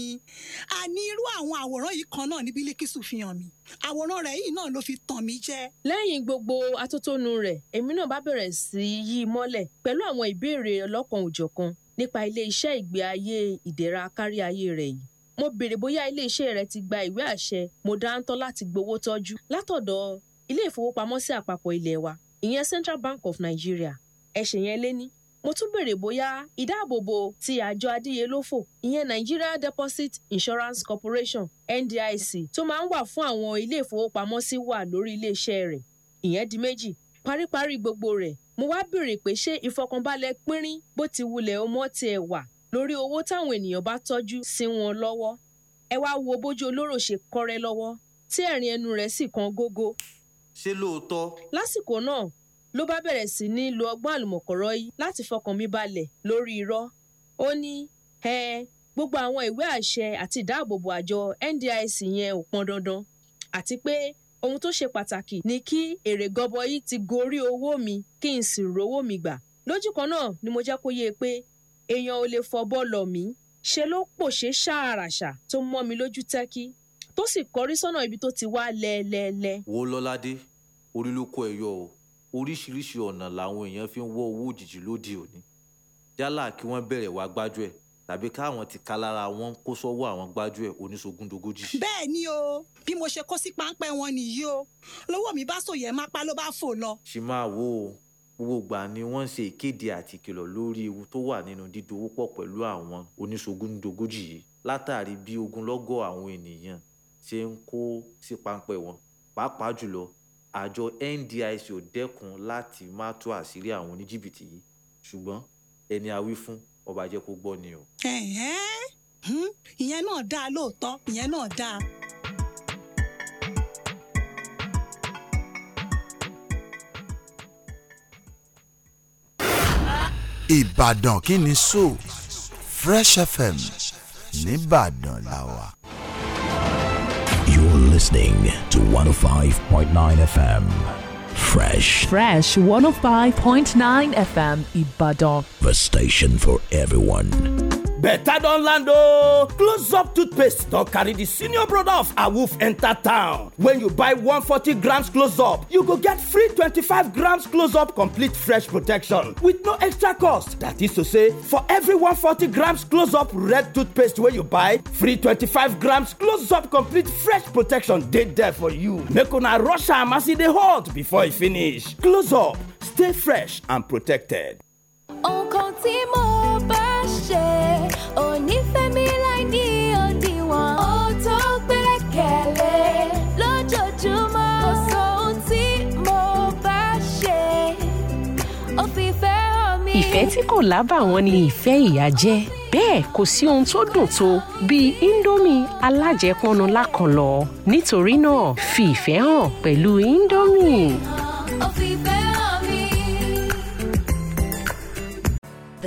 a ní irú àwọn àwòrán yìí kan náà ní Bílíkísù fi hàn mí àwòrán rẹ̀ yìí náà ló fi tàn mí jẹ. lẹ́yìn gbogbo atótónu rẹ̀ èmi náà bá bẹ̀rẹ̀ sí í yí mọ́lẹ̀ pẹ̀lú àwọn ìbéèrè ọlọ́kan ò nípa ilé iṣẹ́ ìgbé ayé ìdẹ̀ra kárí ayé rẹ̀ yìí mo béèrè bóyá ilé-iṣẹ́ rẹ̀ ti gba ìwé àṣẹ mọ̀dáńtọ́ láti gbowó tọ́jú látọ̀dọ̀ ilé ìfowópamọ́sí àpapọ̀ ilé wa ìyẹn Central Bank of Nigeria ẹ̀ṣẹ̀ yẹn lé ní mo tún béèrè bóyá ìdáàbòbò ti àjọ adíyelófò ìyẹn Nigeria Deposit Insurance Corporation NDIC tó máa ń wà fún àwọn ilé ìfowópamọ́sí wà lórí ilé-iṣẹ́ rẹ̀ ìyẹn di méjì paríparí gbogbo rẹ̀ mo wá béèrè pé ṣé ìfọkànbalẹ̀ pínrín bó ti wulẹ̀ ọmọ tiẹ̀ wà lórí owó táwọn ènìyàn bá tọ́jú sí wọn lọ́wọ́ ẹ wá wo bójú olóró ṣe kọ́rẹ́ lọ́wọ́ tí ẹ̀rín ẹnu rẹ̀ sì kan gógó. ṣé lóòótọ́. lásìkò náà ló bá bẹ̀rẹ̀ sí ní lo ọgbọ́n àlùmọ̀kọ́rọ́ yìí láti fọkàn mi balẹ̀ lórí irọ́ ó ní ẹ gbogbo àwọn ìwé àṣẹ àti ìdáàbòbò àjọ NDIC yẹn ò pọn dandan àti pé ohun tó ṣe pàtàkì ni kí èrè gọbọyí ti gorí owó mi kí n sì rówó mi gbà lójú náà ni mo jẹ́ kó yé e pé èèyàn ò lè fọbọ́ lọ mí ṣe ló pòṣé ṣàràṣà tó mọ́ mi lójú tẹ́kí tó sì kọrí sọ́nà ibi tó ti wá lẹ́ẹ̀lẹ́ẹ̀lẹ́. wo lọ́ládé orí ló kó ẹ yọ o oríṣiríṣi ọ̀nà làwọn èèyàn fi ń wọ́ owó òjijì lóde òní yálà kí wọ́n bẹ̀rẹ̀ wá gbájú ẹ̀ tàbí káwọn ti ka lára wọn kó sọ́wọ́ àwọn gbájú ẹ̀ oníṣogúndogójì. bẹ́ẹ̀ ni o bí mo ṣe kó sí páńpẹ́ wọn nìyí o lọ́wọ́ mi bá sòyẹ́ mápá ló bá fò lọ. ṣì máa wo o gbogbo ìgbà ni wọ́n ń ṣe ìkéde àti ìkìlọ̀ lórí ewu tó wà nínú dídowópọ̀ pẹ̀lú àwọn oníṣogúndogójì yìí látàrí bí ogunlọ́gọ̀ àwọn ènìyàn ṣe ń kó sí páńpẹ́ wọn. pàápàá jùlọ àjọ ndic ò dẹ́kun láti máa tú àṣírí àwọn oníjìbìtì yìí ṣùgbọ́n ẹni a fún ọba jẹ́ kó gbọ́ ni o. ìyẹn náà dáa lóòótọ́ ìyẹn náà dáa Ìbàdàn kí ni so Fresh FM nìbàdàn la wà. You're listening to 105.9 FM. Fresh. Fresh 105.9 FM Ìbàdàn. The station for everyone don't land close up toothpaste Don't carry the senior brother of a wolf enter town when you buy 140 grams close up you go get free 25 grams close up complete fresh protection with no extra cost that is to say for every 140 grams close up red toothpaste when you buy free 25 grams close up complete fresh protection dead there for you make una rush am as e before e finish close up stay fresh and protected. ṣe onífẹ́mi láì ní òdiwọ̀n. ó tó gbẹ́kẹ̀lé lójoojúmọ́. kò sọ ohun tí mo bá ṣe ó fi fẹ́ hàn mí. ìfẹ́ tí kò lábàwọ́n ni ìfẹ́ ìyá jẹ́ bẹ́ẹ̀ kò sí ohun tó dùn tó bíi indomie alájẹpọnu lákànlọ́ nítorí náà fi ìfẹ́ hàn pẹ̀lú indomie.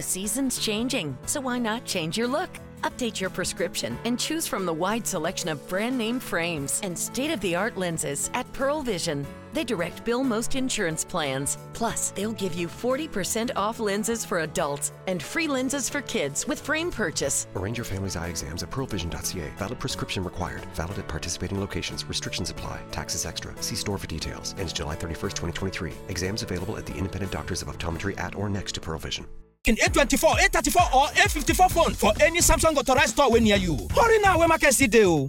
The season's changing, so why not change your look? Update your prescription and choose from the wide selection of brand name frames and state of the art lenses at Pearl Vision. They direct bill most insurance plans. Plus, they'll give you 40% off lenses for adults and free lenses for kids with frame purchase. Arrange your family's eye exams at pearlvision.ca. Valid prescription required. Valid at participating locations. Restrictions apply. Taxes extra. See store for details. Ends July 31st, 2023. Exams available at the independent doctors of optometry at or next to Pearl Vision. in A24, A34 or A54 phone for any Samsung authorized store when near you. Hurry now wey market still dey o.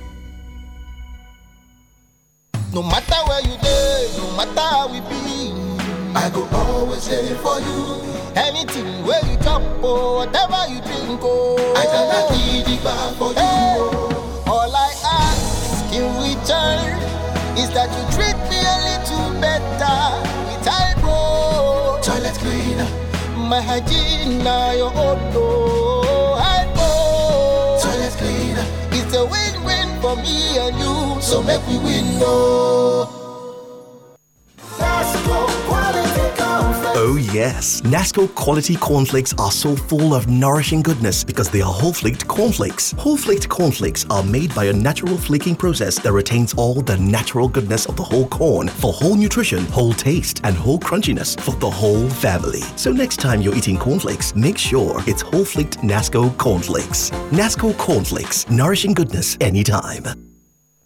No matter where you live, no matter how we be, I go always there for you. Anything where you drop or oh, whatever you drink, oh, I cannot eat it back for hey. you. Oh. All I ask in return is that you treat me a little better with eyebrow, toilet cleaner, my hygiene, now your own. Oh, eyebrow, toilet cleaner, it's a win-win for me and you. So make we win, oh. Oh, yes. Nasco quality cornflakes are so full of nourishing goodness because they are whole flaked cornflakes. Whole flaked cornflakes are made by a natural flaking process that retains all the natural goodness of the whole corn for whole nutrition, whole taste, and whole crunchiness for the whole family. So next time you're eating cornflakes, make sure it's whole flaked Nasco cornflakes. Nasco cornflakes, nourishing goodness anytime.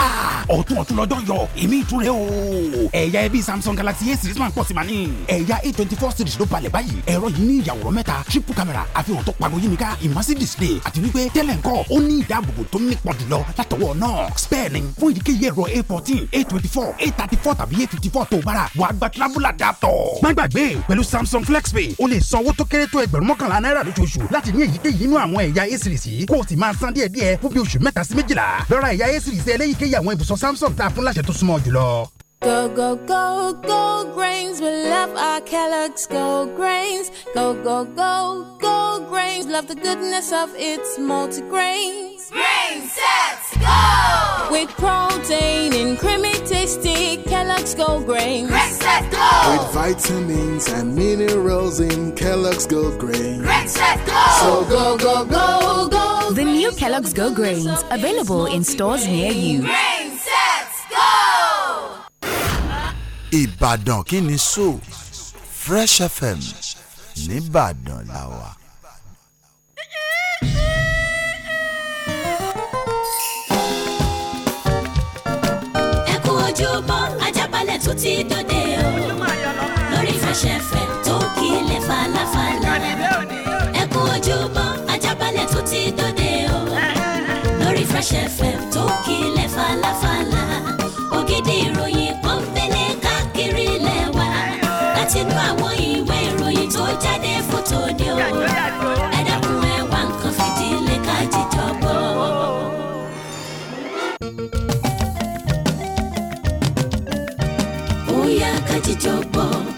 Ah, ọ̀tún ọ̀tún lọ́jọ́ yọ èmi ìtúre o. ẹ̀yà ẹbí samsung galaxy a series máa ń pọ̀ sí màní. ẹ̀yà a twenty four series ló balẹ̀ báyìí. ẹ̀rọ yìí ní ìyàwòrán mẹ́ta triple camera àfihàn tó pariwo yìí nìka immersive display àti wípé tẹ́lẹ̀ ńkọ́ ó ní ìdáàbòbò tó nípọn jùlọ látọwọ́ knox. bẹ́ẹ̀ ni fún ìdíkéyìí ẹ̀rọ a fourteen a twenty four a thirty four tàbí a fifty four tó bára wà á gba travel adapter. má gbàgbé samsung flexpay o lè san owó tó kéré tó ẹgbẹ̀rún mọ́kànlá náírà lóṣooṣù láti ní èyíkéyìí inú àwọn ẹ̀yà a series yìí kó o sì máa san díẹ̀díẹ̀ fún bí oṣù mẹ́ta sí méjìlá. lọ́ra ẹ̀yà a series lórí àwọn ibùsọ̀ Samsung tá a fún láṣẹ tó súnmọ́ jùlọ. Go, go, go, go grains. We love our Kellogg's Go grains. Go, go, go, go grains. Love the goodness of its multi grains. Grain sets go! With protein and creamy tasty Kellogg's Go grains. Grain sets go! With vitamins and minerals in Kellogg's Go grains. Grain sets go! So go, go, go, go The new Kellogg's Go Grains, available in stores near you. Grain sets go! Ìbàdàn kí so Fresh FM nìbàdàn la wà. Ẹ kú ojúbọ Ajábalẹ̀ tó ti dòde o lórí Fresh FM tó kílẹ̀ falafala ẹ kú ojúbọ. Fresh FM tó kílẹ̀ falafala ògidì ìròyìn kan fẹlẹ̀ káàkiri lẹ́wà láti inú àwọn ìwé ìròyìn tó jáde fótó ni o ẹ dákun ẹ wá nǹkan fìdílé ká jíjọ gbọ́. Ó ká jíjọ gbọ́.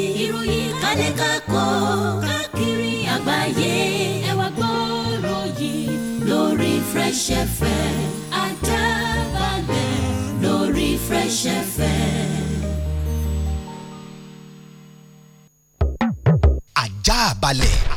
jáde kákó káàkiri àgbáyé ẹ wá gbọ́rọ̀ yìí lórí Fresh FM Ajaabale lórí Fresh FM. Ajaabale.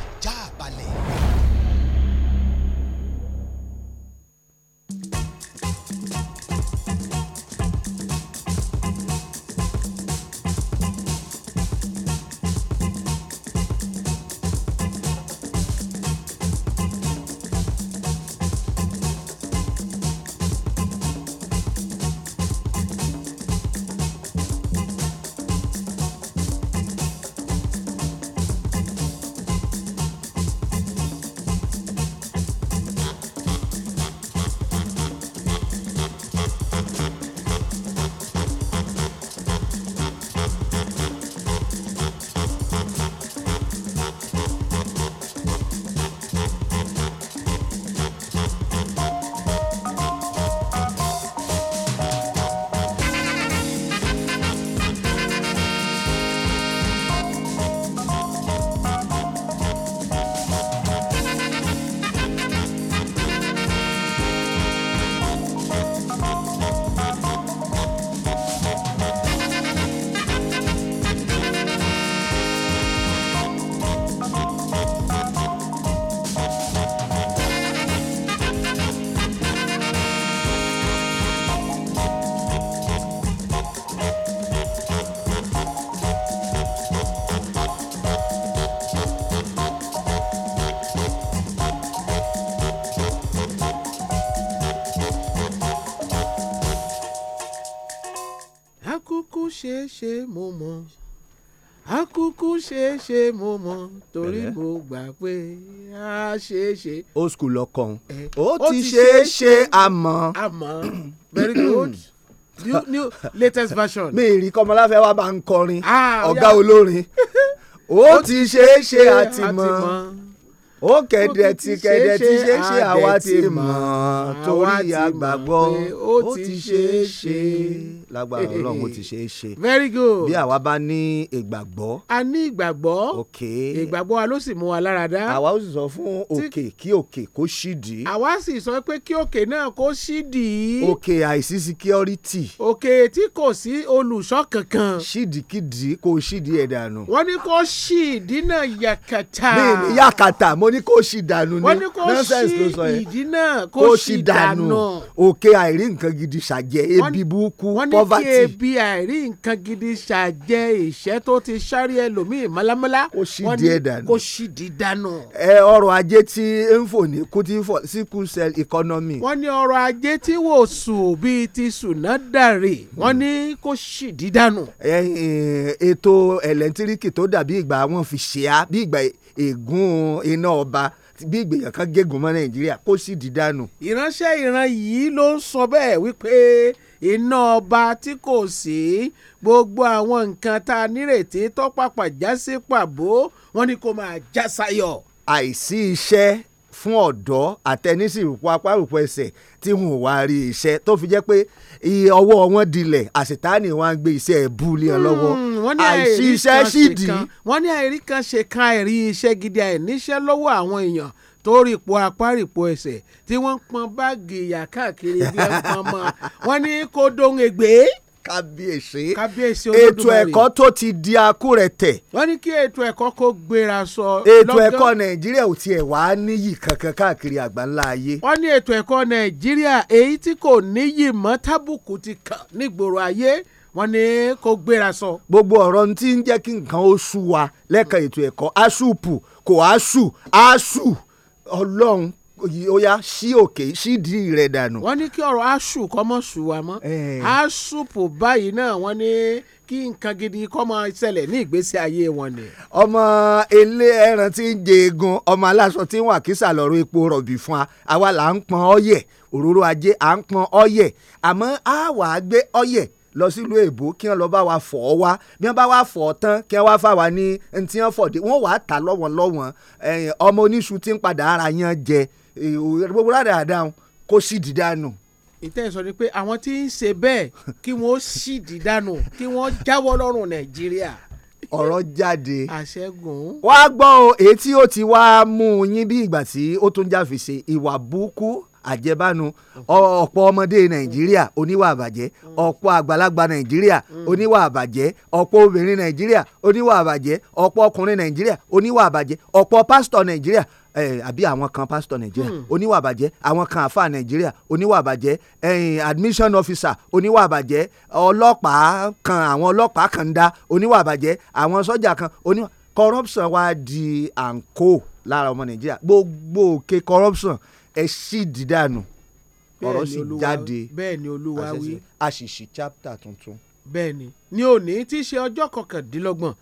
kúkú ṣeé ṣe mo mọ̀ torí mo gbà pé a ṣeé ṣe. ó sùkúl lọkàn ó ti ṣeé ṣe àmọ́. àmọ́ very good new new latest version. mi ì rí kọ́mọláfẹ́ wa bá ń kọrin ah, ọ̀gá olórin <laughs> ó ti ṣeé ṣe àtìmọ́ ó kẹ̀dẹ̀ tí kẹ̀dẹ̀ tí ṣe ṣe àwa ti mọ̀ torí àgbàgbọ́ ó ti ṣe ṣe lágbára ọlọ́run ó ti ṣe é ṣe. very good. bí àwa bá ní ìgbàgbọ́. a ní ìgbàgbọ́. ok ìgbàgbọ́ wa ló sì mú wa láradá. àwa ó sì sọ fún òkè kí òkè kó ṣídìí. àwa sì sọ pé kí òkè náà kó ṣídìí. òkè àìsí security. òkè tí kò sí olùṣọ́ kankan. ṣídìkìdì kò ṣídìí ẹ̀ dànù. wọ́n ní kó ṣí ìdí náà yàkàtà. mi ni yàkàtà mo ní kó ṣí dànù ni. wọ́n ní kó ṣí ìdí náà kó ṣí dànù. òkè àìrí nǹkan gidi ṣàjẹ́ ebi burúkú pọ́ poverty. kí ebi àìrí nǹkan gidi ṣàjẹ ìṣẹ́ tó ti ṣárí ẹlòmíì mọ́lámọ́lá kò ṣìdí ẹ̀ dànù kò ṣìdí dànù. ẹ ọrọ̀ ajé tí ń fò ní kú ti ń fò sickle cell economy. wọ́n ní ọrọ̀ ajé tí wò sùn bíi ti sùnà dàrí wọ́n ní kò ṣìdí dànù. ètò ẹ̀lẹ́ntíríkì tó dàbí ìgbà wọn fi ṣe á bí ìgbà ègún iná ọba bí ìgbèyàn kan gégùn mọ́ nàìjíríà kó sì di ìránṣẹ́ ìran yìí ló ń sọ bẹ́ẹ̀ wípé iná ọba tí kò sí gbogbo àwọn nǹkan tá a nírètí tó pàpà já sí pàbó wọn ni kò máa já sayọ. àìsí iṣẹ́ fún ọ̀dọ́ àtẹnísìrùpọ̀ apárùpọ̀ ẹsẹ̀ tí wọn ò wá rí iṣẹ́ tó fi jẹ́ pé ọwọ́ wọn dilẹ̀ àṣetáàní wọn á gbé iṣẹ́ ẹ̀bù lé ọ lọ́wọ́ hmm, àìsí iṣẹ́ sì dì í. wọ́n ní àìrí kan ṣe kan àìrí iṣẹ́ gidi àìníṣẹ́ lọ́wọ́ àwọn èèyàn tó po apá rìpò ẹsẹ̀ tí wọ́n ń pọn báàgì ìyà káàkiri bí ẹ pọn mọ́ wọ́n ní kó dohun ègbé kábíyèsí kábíyèsí ètò ẹ̀kọ́ tó ti di akúrẹ̀tẹ̀. wọ́n ní kí ètò ẹ̀kọ́ kó gbéra sọ. ètò ẹ̀kọ́ nàìjíríà ò tiẹ̀ wá níyì kankan káàkiri àgbáńlá ayé. wọ́n ní ètò ẹ̀kọ́ nàìjíríà èyí tí kò níyì mọ́ tábùkù ti kàn nígboro ayé wọ́n ní kó gbéra sọ. gbogbo ọ̀rọ̀ ti ń jẹ́ kí nǹkan ó sú wa lẹ́ka ètò ẹ̀kọ́ asúpù kò asù asù ọlọ́run ó yá sí òkè sídìí rẹ̀ dànù. wọ́n ní kí ọ̀rọ̀ aṣù kọ́mọ̀ ṣù wá mọ́ aṣùpù báyìí náà wọ́n ní kí nǹkan gidi kọ́mọ ìṣẹ̀lẹ̀ ní ìgbésí ayé wọn ni. ọmọ ilé ẹran tí ń jẹ eegun ọmọ aláṣọ tí ń wà kísà lọ́rọ̀ epo rọ̀bì fún wa àwa là ń pọn ọyẹ òróró ajé à ń pọn ọyẹ àmọ́ àwa gbé ọyẹ lọ sílùú èbó kí wọ́n lọ bá wa fọ̀ ọ́ wá bí wọ́n bá wa fọ̀ ọ́ tán kí wọ́n wá fà wá ní ntí wọ́n fọ̀ dé wọ́n wàá tà lọ́wọ́n lọ́wọ́n ọmọ oníṣu ti ń padà ara yẹn jẹ gbogbo rádàdà kó sì dìdánù ìtẹ́sọ̀ ni pé àwọn tí ń ṣe bẹ́ẹ̀ kí wọ́n sì dìdánù kí wọ́n jáwọ́ lọ́rùn nàìjíríà. ọ̀rọ̀ jáde wá gbọ́ o èyí tí ó ti wá mú un yín bí ìgbà tí ó tún jáfèsè ìwà burúkú àjẹbánu ọ̀pọ̀ ọmọdé nàìjíríà oníwà àbàjẹ́ ọ̀pọ̀ àgbàlagbà nàìjíríà oníwà àbàjẹ́ ọ̀pọ̀ obìnrin nàìjíríà oníwà àbàjẹ́ ọ̀pọ̀ ọkùnrin nàìjíríà oníwà àbàjẹ́ ọ̀pọ̀ pásítọ̀ nàìjíríà àbí àwọn kan pásítọ̀ nàìjíríà hmm. oníwà àbàjẹ́ àwọn kan àfà nàìjíríà oníwà àbàjẹ́ admission officer oníwà àbàjẹ́ ọlọ́pàá kan àwọn ọlọ́pàá kan ń dá oníwà àbàjẹ́ àwọn sọ́jà kan oníwà corruption wá di àǹkó lára ọmọ nàìjíríà gbogbo òkè corruption ẹ sì dídànù ọ̀rọ̀ sì jáde bẹ́ẹ̀ ni olúwa wí àṣìṣì chapter tuntun. bẹ́ẹ̀ ni ní òní tí í ṣe ọjọ́ kọkàndínlọ́gbọ̀n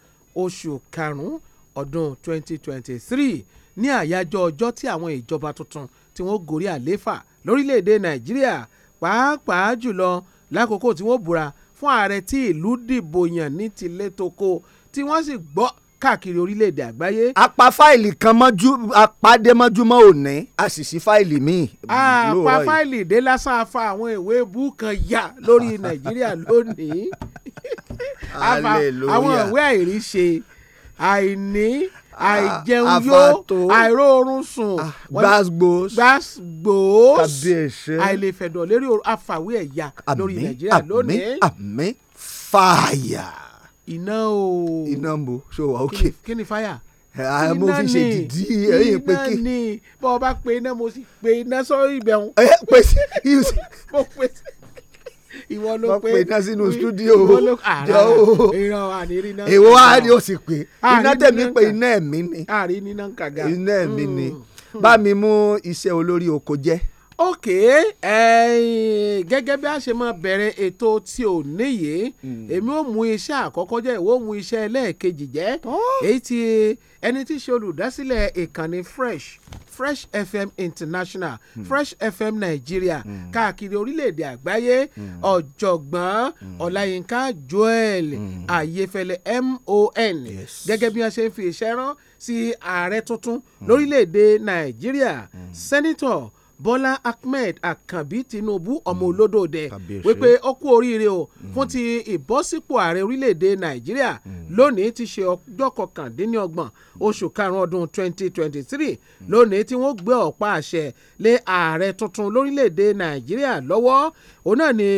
oṣù karùn-ún ọdún twenty twenty three ní àyájọ́ ọjọ́ tí àwọn ìjọba tuntun tí wọ́n gorí àléfà lórílẹ̀‐èdè nàìjíríà pàápàá jùlọ lákòókò tí wọ́n búra fún ààrẹ tí ìlú dìbò yàn ní tilé toko tí wọ́n sì gbọ́ káàkiri orílẹ̀-èdè àgbáyé. a pa fáìlì kan mọ́jú a pàdé mọ́júmọ́ òní a sì sí fáìlì míì. a pa fáìlì dé lásán afa àwọn ìwé bú kan yà lórí <laughs> nàìjíríà lónìí. hallelujah àwọn ìwé àìríṣe àìní àìjẹun yó àìróorun sùn ah, gbàgbós gbàgbós àìlèfẹ̀dọ̀ lérí àfàwé ẹ̀yà lórí nàìjíríà lónìí. àmín àmín fàyà iná o. iná mo ṣó wa ok. kí ni fire. ẹ eh, ah, mo fi ṣe dìdí ẹyìn eh, pé kí. iná ni bọ́ ọ bá pe iná mo sì pe iná sọ́ọ́ ìbẹ̀hún. ẹ eh, pè sí. mo pè sí ìwọ ló pé iná sínú stúdíò jọ o ìwọ wa ni o sì pé iná tẹ̀mí pé iná ẹ̀mí ni iná ẹ̀mí ni hmm. bá mi mú iṣẹ́ olórí oko jẹ́ ok gẹ́gẹ́ bí a ṣe máa bẹ̀rẹ̀ ètò tí ò níyè èmi ò mú iṣẹ́ àkọ́kọ́ jẹ́ ìwọ ò mú iṣẹ́ ẹlẹ́ẹ̀kejì jẹ́ oh. èyí tí ẹni tí ṣe olùdásílẹ̀ ìkànnì fresh fresh fm international mm. fresh fm nigeria mm. káàkiri orílẹ̀-èdè àgbáyé hmm. ọ̀jọ̀gbọ́n mm. ọláyínká joel mm. ayéfẹ́lẹ́ mon yes. gẹ́gẹ́ bí wọ́n ṣe ń fi iṣẹ́ rán sí ààrẹ tuntun hmm. lórílẹ̀-èdè nàìjíríà hmm. sẹ́nitọ̀ Bọ́lá Ahmed Àkànbí Tinubu ọmọ hmm, olódò dẹ̀ wípé ó kú oríire o hmm. fún ti ìbọ́sípò ààrẹ orílẹ̀-èdè Nàìjíríà hmm. lónìí ti ṣe ọjọ́ kọkàndínlọ́gbọ̀n oṣù karùn-ún ọdún 2023 lónìí tí wọ́n gbé ọ̀pá àṣẹ lé ààrẹ tuntun lórílẹ̀-èdè Nàìjíríà lọ́wọ́ òun náà ni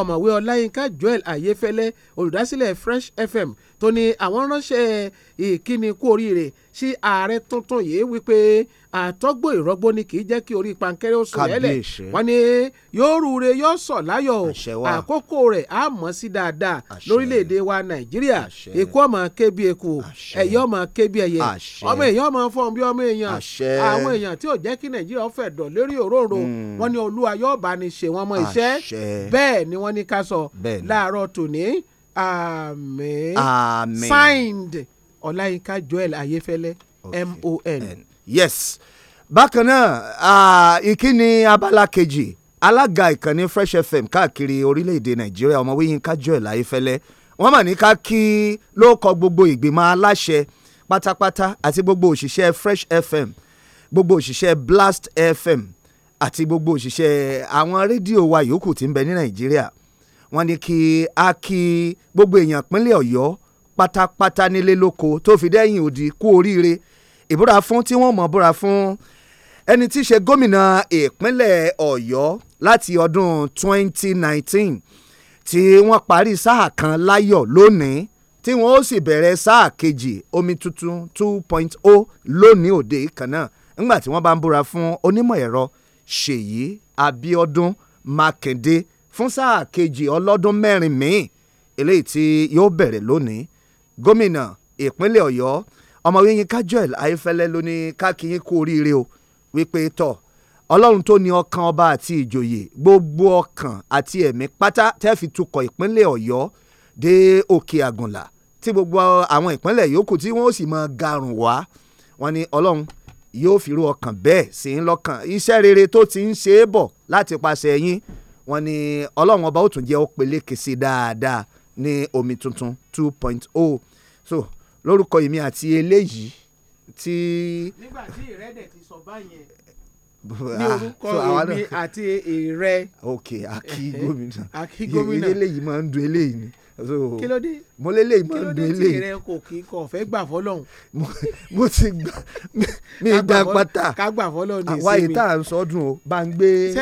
ọ̀mọ̀wé ọláyínká joel ayéfẹ́lẹ́ olùdásílẹ̀ fresh fm tó ní àwọn ránṣẹ́ ìkíni kú oríire sí ààrẹ tuntun yìí wípé àtọ́gbò ìrọ́gbó ni kì í jẹ́ kí orí pankẹ́rẹ́ ó sùn lẹ́lẹ̀ wọ́n ní yóò rúure yóò sọ̀ láyọ̀ àkókò rẹ̀ á mọ̀ sí dáadáa lórílẹ̀‐èdè wa nàìjíríà èkó ọmọ kébi èkó ẹ̀yẹ ọmọ kébi ẹ̀yẹ ọmọ èèyàn ọmọ fọ́n bí ọmọ èèyàn àwọn èèyàn tí ò jẹ́ kí nàìjíríà ọ̀fẹ́ dọ̀ lórí òróǹro hmm. wọ́n ní olúwa yóò bá ní ṣe wọn mọ iṣẹ́ bẹ́ẹ̀ ni wọ́n wọ́n ní ká sọ láàárọ̀ tòní àmín àmín signed ọláyínká joel ayéfẹ́lẹ́ okay. mon. yes bákan náà uh, ìkíni abala kejì alága ìkànnì fresh fm káàkiri orílẹ̀-èdè nàìjíríà ọmọwé yínká joel ayéfẹ́lẹ́ wọ́n mà ní ká kí ló kọ gbogbo ìgbìmọ̀ aláṣẹ pátápátá àti gbogbo òṣìṣẹ́ fresh fm gbogbo òṣìṣẹ́ blast fm àti gbogbo òṣìṣẹ́ àwọn rédíò wa yòókù tí ń bẹ ní nàìjíríà wọ́n ní kí a kí gbogbo èèyàn pínlẹ̀ ọ̀yọ́ pátápátá nílé lóko tó fi dẹ́yìn òdì kú oríire ìbúra fún tí wọ́n mọ̀ búra fún ẹni tí í ṣe gómìnà ìpínlẹ̀ ọ̀yọ́ láti ọdún 2019 tí wọ́n parí sáà kan láyọ̀ lónìí tí wọ́n ó sì bẹ̀rẹ̀ sáà kejì omi tuntun 2.0 lónìí òde kan náà nígbà tí wọ́n bá ń búra fún onímọ̀ ẹ̀rọ ṣèyí abíọ́dún mákindé fún sáà kejì ọlọ́dún mẹ́rin míì eléyìí tí yóò bẹ̀rẹ̀ lónìí gómìnà ìpínlẹ̀ ọ̀yọ́ ọmọwé Yínká Joel Ayéfẹ́lẹ́ ló ní káàkiri kú oríire o wípé tọ̀ ọlọ́run tó ní ọkàn ọba àti ìjòyè gbogbo ọkàn àti ẹ̀mí pátá tẹ́ẹ̀fì tukọ̀ ìpínlẹ̀ ọ̀yọ́ dé òkè àgùnlà tí gbogbo àwọn ìpínlẹ̀ yòókù tí wọ́n sì máa garùn wá wọn ni ọlọ́run yóò fi irú ọkàn bẹ́ẹ̀ sí lọ́kàn iṣẹ́ rere tó ti ń ṣe é bọ̀ láti paṣẹ yín wọ́n ní ọlọ́run ọba ó tún jẹ́ ó peléke sí dáadáa ní omi tuntun two point oh so lórúkọ èmi àti eléyìí tí. nígbà tí ìrẹ́dẹ̀ ti sọ báyẹn ní <laughs> ah, orúkọ èmi àti èrẹ. ok aki gómìnà aki gómìnà eléyìí máa ń dun eléyìí ni kí ló dé mo lé léyìí mo ń dun eléyìí kí ló dé tìrẹ kò kí kò fẹ́ gbà fọlọ́hún. mo ti gbà mí dá pátá àwa yìí tá à ń sọdún o bá ń gbé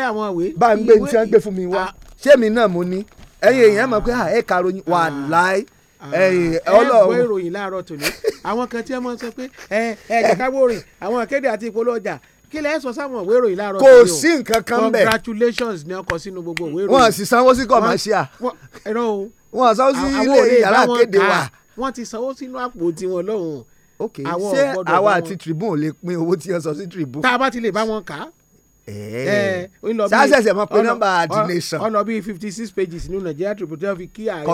bá ń gbé ní tí wọ́n gbé fún mi wá ṣé mi náà mo ní ẹ̀yin èèyàn mọ̀ pé ẹ kàròyìn wà láì ẹyìn ọlọ́run ẹ gbọ́ ìròyìn láàárọ̀ tòní àwọn kan tí ẹ máa sọ pé ẹ ẹ jẹkáwó rìn àwọn akéde àti ìpolówó ọjà kí lẹ sọ sáwọn òwe ìròyìn láàárọ̀ tòní o kò sí nǹkan kan bẹ́ẹ̀ congratulations ni ọkọ sínú gbogbo òwe ìròyìn wọn sì sanwó sí commercial. ẹ̀rọ o wọn sanwó sí ilé yàrá kéde wa. wọ́n ti sanwó sínú àpò tiwọn lọ́hùn ok ṣé àwa àti tribune lè pín owó tí wọn sọ sí tribune. tá a bá ti lè bá wọn kà á sásẹsẹ eh. eh, mọ pé nọ́mbà adination ọ̀nà bíi fifty six pages ní Nigeria Tribune fi kí ààrẹ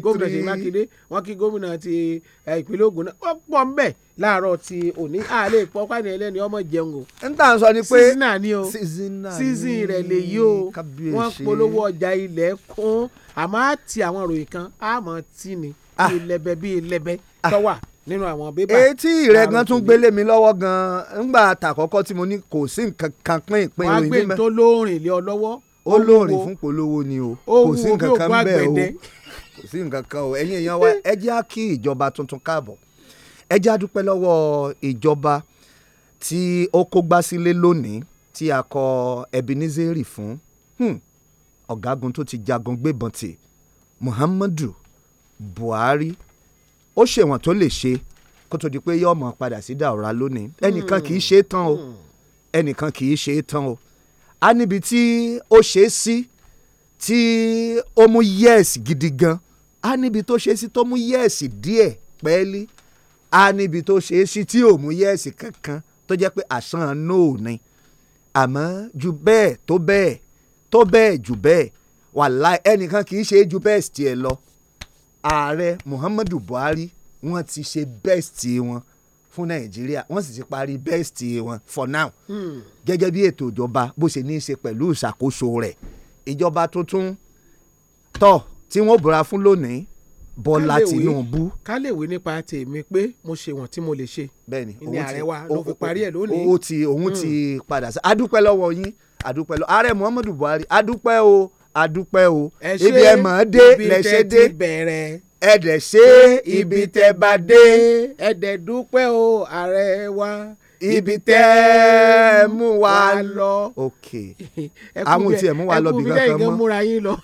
gómìnà ti Mákindé wọn kí gómìnà ti eh, ìpínlẹ̀ Ògùn náà wọ́n pọ̀ ńbẹ̀ láàárọ̀ ti òní àlẹ́ ìpọ́ pàdé ẹlẹ́ni ọmọ jẹun o. n tà ń sọ ni pé seasonal ni o season rẹ̀ lè yí o wọ́n polówó ọjà ilẹ̀ kún àmọ́ àti àwọn ìròyìn kan àmọ́ tí ni ilẹ̀bẹ̀ ah. bíi ilẹ̀bẹ̀ ah. tọ́wà nínú àwọn bébà. etí rẹ gan tún gbélé mi lọ́wọ́ gan ńgbà tàkọ́kọ́ tí mo ní kò sí nǹkan kan pín ìpín ìròyìn nímẹ́. wàá gbé tó lóòrìn lé ọ lọ́wọ́. ó lóòrìn fún polówó ni o kò sí nǹkan kan bẹ́ẹ̀ o kò sí nǹkan kan o ẹ̀yin èèyàn wa ẹ jẹ́ á kí ìjọba tuntun káàbọ̀ ẹ jẹ́ á dúpẹ́ lọ́wọ́ ìjọba tí ó kó gbá sílé lónìí tí a kọ Ebenezeri fún hmm. ọ̀gágun tó ti jagun gbébọn tì Muhammadu Buhari ó ṣèwọ̀n tó lè ṣe kó tó di pé yóò mọ̀ padà sí dàrá lónìí ẹnìkan kì í ṣe é tán o ẹnìkan kì í ṣe é tán o a níbi tí ó ṣe é sí tí ó mú yẹ́ẹ̀sì gidi gan a níbi tó ṣe é sí tó mú yẹ́ẹ̀sì díẹ̀ pẹ́ẹ́lí a níbi tó ṣe é sí tí ò mú yẹ́ẹ̀sì kankan tó jẹ́ pé àsán nóò ni àmọ́ ju bẹ́ẹ̀ tó bẹ́ẹ̀ tó bẹ́ẹ̀ jù bẹ́ẹ̀ wàláì ẹnìkan kì í ṣe é ju bẹ́ẹ̀ tiẹ̀ lọ ààrẹ muhammadu buhari wọ́n ti ṣe best wọn fún nàìjíríà wọ́n sì ti parí bẹ́ẹ̀sì wọn for now hmm. gẹ́gẹ́ bí ètò ìjọba bó ṣe ní í ṣe pẹ̀lú ìṣàkóso rẹ̀ ìjọba tuntun tọ̀ tí wọ́n búra fún lónìí bọ́lá tìǹbù. ká lè wé nípa tèmi pé mo ṣe wọ̀n tí mo lè ṣe. bẹ́ẹ̀ni òun ti ààrẹ wa ló fi parí ẹ lónìí. o ti òun ti hmm. padà sí adúpẹ́ lọ́wọ́ yín adúpẹ́ lọ́wọ́ ààrẹ muhammadu buhari adúpẹ́ o adúpẹ́ o ibi ẹ mọ̀ ọ́ dé lẹ́sẹ̀ dé ẹ dẹ̀ ṣe ibi tẹ́ bá dé. ẹ dẹ̀ dúpẹ́ o ààrẹ wa ibi tẹ́ <laughs> ẹ mú wa lọ. ok àwọn ò tiẹ̀ mú wa lọ bí kankan mọ́. ẹ bí lẹ́yìn múra yín lọ.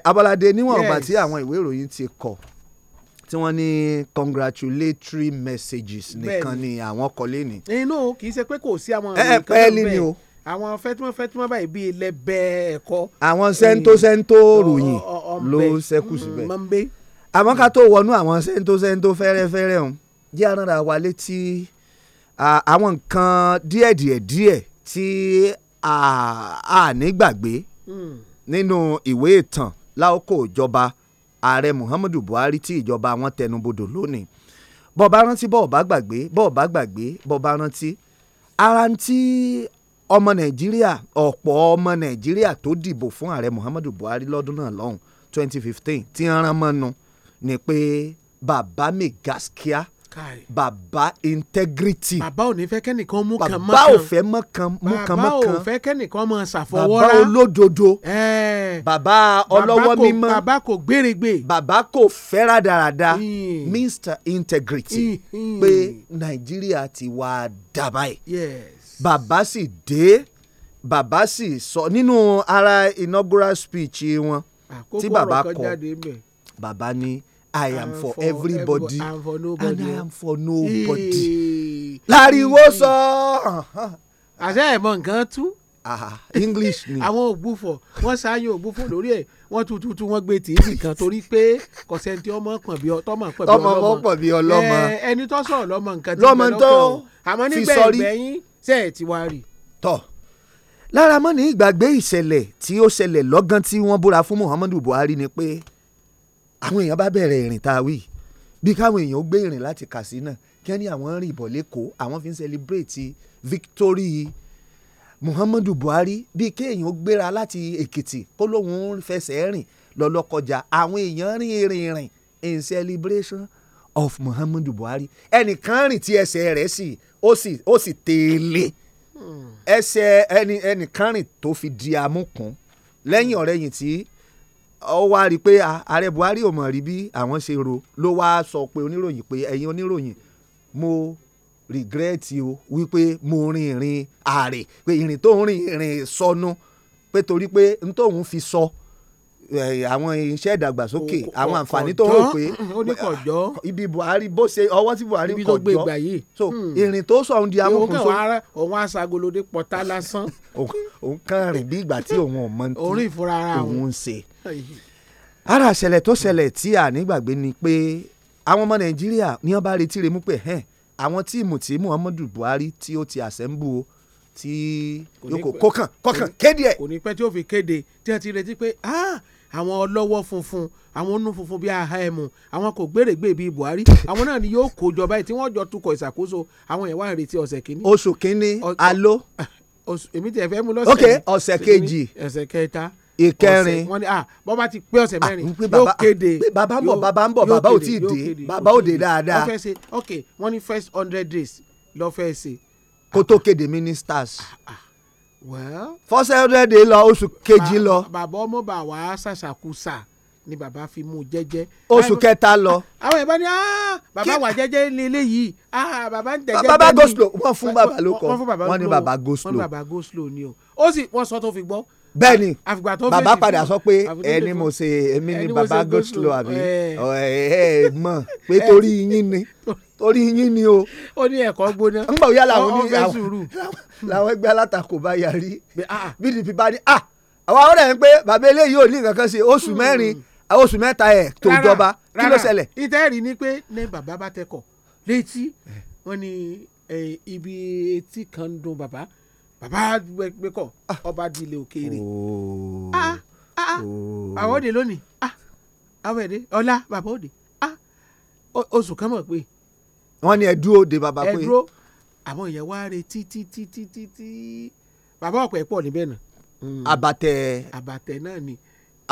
<laughs> Abọ́ládé níwọ̀n ọgbà tí àwọn ìwé ìròyìn ti kọ tí wọ́n ní congratulatory messages nìkan ni àwọn kọ lé inú kì í ṣe pé kò sí àwọn ìròyìn kan bẹ́ẹ̀ àwọn fẹ́tímọ́fẹ́tímọ́ báyìí bíi lẹ́bẹ̀ẹ́ ẹ̀kọ́. àwọn sẹ́ńtó sẹ́ńtó ròyìn ló ṣẹ́kù síbẹ̀ àmọ́ ká tó wọnú àwọn sẹ́ńtó sẹ́ńtó fẹ́rẹ́fẹ́rẹ́ ọ̀hún jẹ́ arára wa létí àwọn nǹkan díẹ̀díẹ̀díẹ̀ tí a ní gbàgbé hmm. nínú ìwé ìtàn láòkó ìjọba ààrẹ Muhammadu Buhari tí ìjọba wọn tẹnubodò lónìí bọ́ọ̀bá rántí bọ́ọ̀bá gbàgbé bọ́ọ̀bá gbàgbé bọ́ọ̀bá rántí ara ń tí ọmọ nàìjíríà ọ̀pọ̀ ọmọ nàìjíríà tó dìbò fún ààrẹ muhammadu buhari lọ́dún náà lọ́hùn 2015 tí ń rán mọ́nu ni pé bàbá mi gaskia bàbá integrity bàbá ò ní fẹ́ kẹ́nìkan mú kan mọ́kan bàbá ò fẹ́ mọ́kan mú kan mọ́kan bàbá ò fẹ́ kẹ́nìkan mọ́ ṣàfọwọ́rá bàbá olódodo bàbá ọlọ́wọ́ mímọ́ bàbá kò gbèrègbè bàbá kò fẹ́ rádaràda mr integrity pé nàìjíríà ti wá dà báyìí bàbá sì dé bàbá sì sọ nínú ara inaugural speech wọn tí bàbá kọ bàbá ní i am for, everybody and i am for nobody. láriwo sọ. àṣẹ ìmọ̀ nǹkan tú. english ni. àwọn ògbúfọ̀ wọ́n ṣááyàn ògbúfọ̀ lórí ẹ̀ wọ́n tututu wọ́n gbé tìbí kan torí pé kọ̀sẹ̀ntì ọmọ pọ̀n bí ọtọ́mọ pọ̀n bí ọlọ́mọ. ọmọ ẹni tó sọ̀rọ̀ lọ́mọ nǹkan tí ń bẹ àmọ́ nígbà ẹ̀gbẹ́yìn ṣé ẹ ti wá rí. tọ́ lára mọ́ ní ìgbàgbé ìṣẹ̀lẹ̀ tí ó ṣẹlẹ̀ lọ́gán tí wọ́n búra fún Muhammadu Buhari ni pé àwọn èèyàn bá bẹ̀rẹ̀ ìrìn tá a wí bí káwọn èèyàn ó gbé ìrìn láti Katsina kí wọ́n ní àwọn rìn ìbọ̀ lẹ́kọ̀ọ́ àwọn fi ń celebrate victory Muhammadu Buhari bí kéèyàn ó gbéra láti Èkìtì kó lóun ń fẹsẹ̀ rìn lọ́lọ́kọjà àwọn èèyàn rìn ìrìn ìrìn in celebration of Muhammadu Buhari ẹnìkan rìn tí ẹsẹ̀ rẹ̀ sì ó sì ó sì tẹ̀lé ẹsẹ̀ ẹni ẹnìkan rìn tó fi di amúkùn lẹ́yìn ọ̀rẹ́yìn tí ó wá rí i pé ààrẹ Buhari ò mọ̀ rí bí àwọn ṣe rò ló wá sọ pé oníròyìn pé ẹ̀yin oníròyìn mo rìgírẹ́ẹ̀tì o wípé mo rin ìrìn ààrẹ pé ìrìn tó ń rin ìrìn sọnù pé torí pé n tóun fi sọ. So Eh, àwọn iṣẹ́ ìdàgbàsókè àwọn àǹfààní tó rò pé <laughs> ibi Buhari bó ṣe ọwọ́ tí Buhari kọjọ́ so hmm. ìrìn tó sọ ohun di amúkùnso. òun aṣagolode pọ̀tá lásán. <laughs> òun kàn rìn bí ìgbà tí òun ò mọ ní òun ń ṣe. ara ṣẹlẹ̀ tó ṣẹlẹ̀ tí a nígbàgbé ni pé àwọn ọmọ Nàìjíríà ní wọ́n bá retí remú pé àwọn tíìmù tí Muhammadu Buhari tí ó ti àṣẹ ń bú o tí yòókù kọkàn kọkàn kéde ẹ. kò ní pẹ́ tí ó fi kéde tí a ti retí pé ah àwọn ọlọ́wọ́ funfun àwọn onú funfun bíi ahm àwọn kò gbèrègbè bíi Buhari <laughs> àwọn náà ni yóò kó jọba tí wọ́n jọ tukọ̀ ìṣàkóso àwọn yẹn wá ń retí ọ̀sẹ̀ kínní. oṣù kínní alo. <laughs> èmi tiẹ̀ fẹ́ mú lọ́sẹ̀ ok ọ̀sẹ̀ kejì ọ̀sẹ̀ kẹta ìkẹrin wọ́n ní bọ́ bá ti pé ọ̀sẹ̀ mẹ́rin yóò kéde bàbá ń bọ̀ bàbá ń bọ̀ bàbá ò tí ì dé bàbá ò dé dáadáa. ok wọ́n ní first hundred days lọ́ fẹ́ ṣe. kó kéde ministers. Ah, ah fọ́sẹ̀ hundred day lọ oṣù kejì lọ. bàbá ọmọ bá wàá ṣàṣàkúṣà ni bàbá fi mú jẹ́jẹ́. oṣù kẹta lọ. <laughs> àwọn ìbá ni ah, bàbá wà jẹ́jẹ́ ní ilé yìí ah, bàbá ń tẹ̀jẹ́ bẹ́ẹ̀ ni. bàbá go slow wọ́n fún bàbá ló kọ́ wọ́n ní bàbá go slow. wọ́n ní bàbá go slow ni o ó sì wọ́n sọ tó fi gbọ́ bẹ́ẹ̀ni bàbá padà sọ pé ẹni mo ṣe èmi ni bàbá Godslow àbí ẹ mọ pé <laughs> torí yín ni torí yín ni o. ó ní ẹ̀kọ́ gbóná ńgbà òyà làwọn oníyàwó làwọn ẹgbẹ́ alátakò bá yarí BDP ah, ah. bá ní ah àwa ọ̀rẹ́ ń pé bàbá eléyìí ò ní nǹkan kan ṣe oṣù hmm. mẹ́rin oṣù mẹ́ta ẹ̀ tó jọba kí ló ṣẹlẹ̀. ìtẹ́rì ni pé ní bàbá bá tẹkọ̀ létí eh. wọn ni eh, ibi etí kan dùn bàbá bàbá gbẹkọ ọba di ilé òkèèrè ah, ah, ah. àwọn òde lónìí àwọn èdè ọlá bàbá òde oṣù kan mọ̀ pé. wọ́n ní ẹ̀dú òde bàbá pé ẹ̀dúró àwọn èèyàn wá retí títí títí tí bàbá ọ̀pẹ̀ pọ̀ níbẹ̀ náà. abatẹ hmm. abatẹ náà ni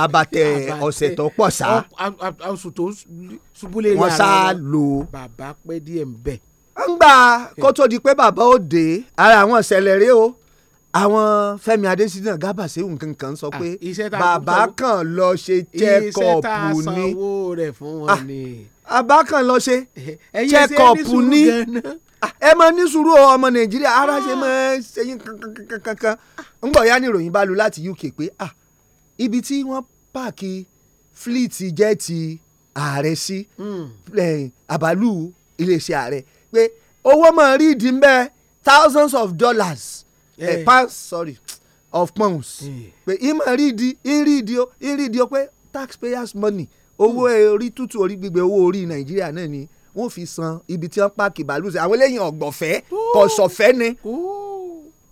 abatẹ <laughs> ọ̀sẹ̀ tó pọ̀ sá. oṣù tó ṣubú lé ra wọn sá lo. bàbá pẹ́ díẹ̀ ń bẹ̀ ńgbà kó tó di pé bàbá ó dé ara àwọn ìṣẹ̀lẹ̀ rẹ o àwọn Fẹ́mi Adésínà Gábàṣéwù nkankan sọ ah, pé bàbá kan lọ ṣe chẹkọọpù ah, ni bàbá kan lọ ṣe chẹkọọpù ni ah, ẹ mọ ní sùúrù ọmọ Nàìjíríà ara ṣe mọ ṣẹyìn kankankankan ńgbọ ya ni ìròyìn bá lu láti UK pé ah ibi tí wọ́n páàkì fleet jẹ́ẹ̀tì ààrẹ sí hmm. eh, àbálù iléeṣẹ́ ààrẹ pé owó máa rí ìdí ń bẹ thousands of dollars eh, eh, pounds sorry of pounds eh. pé ìmọ̀ rí ìdí ìrí ìdí o ìrí ìdí o pé taxpayers money owó hmm. orí tútù orí gbígbé owó orí nàìjíríà náà ni wọ́n fi san ibi tí wọ́n pààkì bàálù sí àwọn eléyìí ọ̀gbọ̀fẹ́ kọ̀sọ̀fẹ́ ni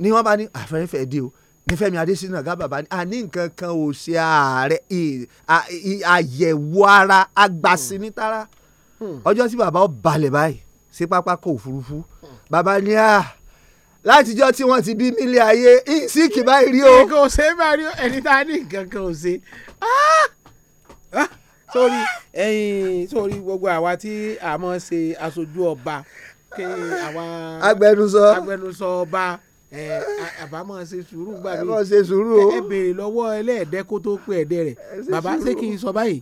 ni wọ́n bá ní àfẹ́fẹ́ di o ní Fẹ́mi Adésínà gá bàbá ní àní nǹkan kan ò ṣe ààrẹ àyẹ̀wò ara agbàsínítara hmm. ọjọ́ tí bàbá ó balẹ̀ báyìí sí pápákọ̀ òfurufú bàbá ní à látijọ́ tí wọ́n ti bí mílé ayé ìsìnkì báyìí rí o. kò ṣe é máa rí ẹni tá a ní nǹkan kan ò ṣe. sórí ẹyin sórí gbogbo àwa tí a mọ̀ ṣe aṣojú ọba kí àwa agbẹnusọ ọba àbámọ̀ ṣe sùúrù gbà mí ẹ béèrè lọ́wọ́ ẹlẹ́ẹ̀dẹ́ kó tó pé ẹ̀dẹ́ rẹ̀ bàbá ṣé kí n sọ báyìí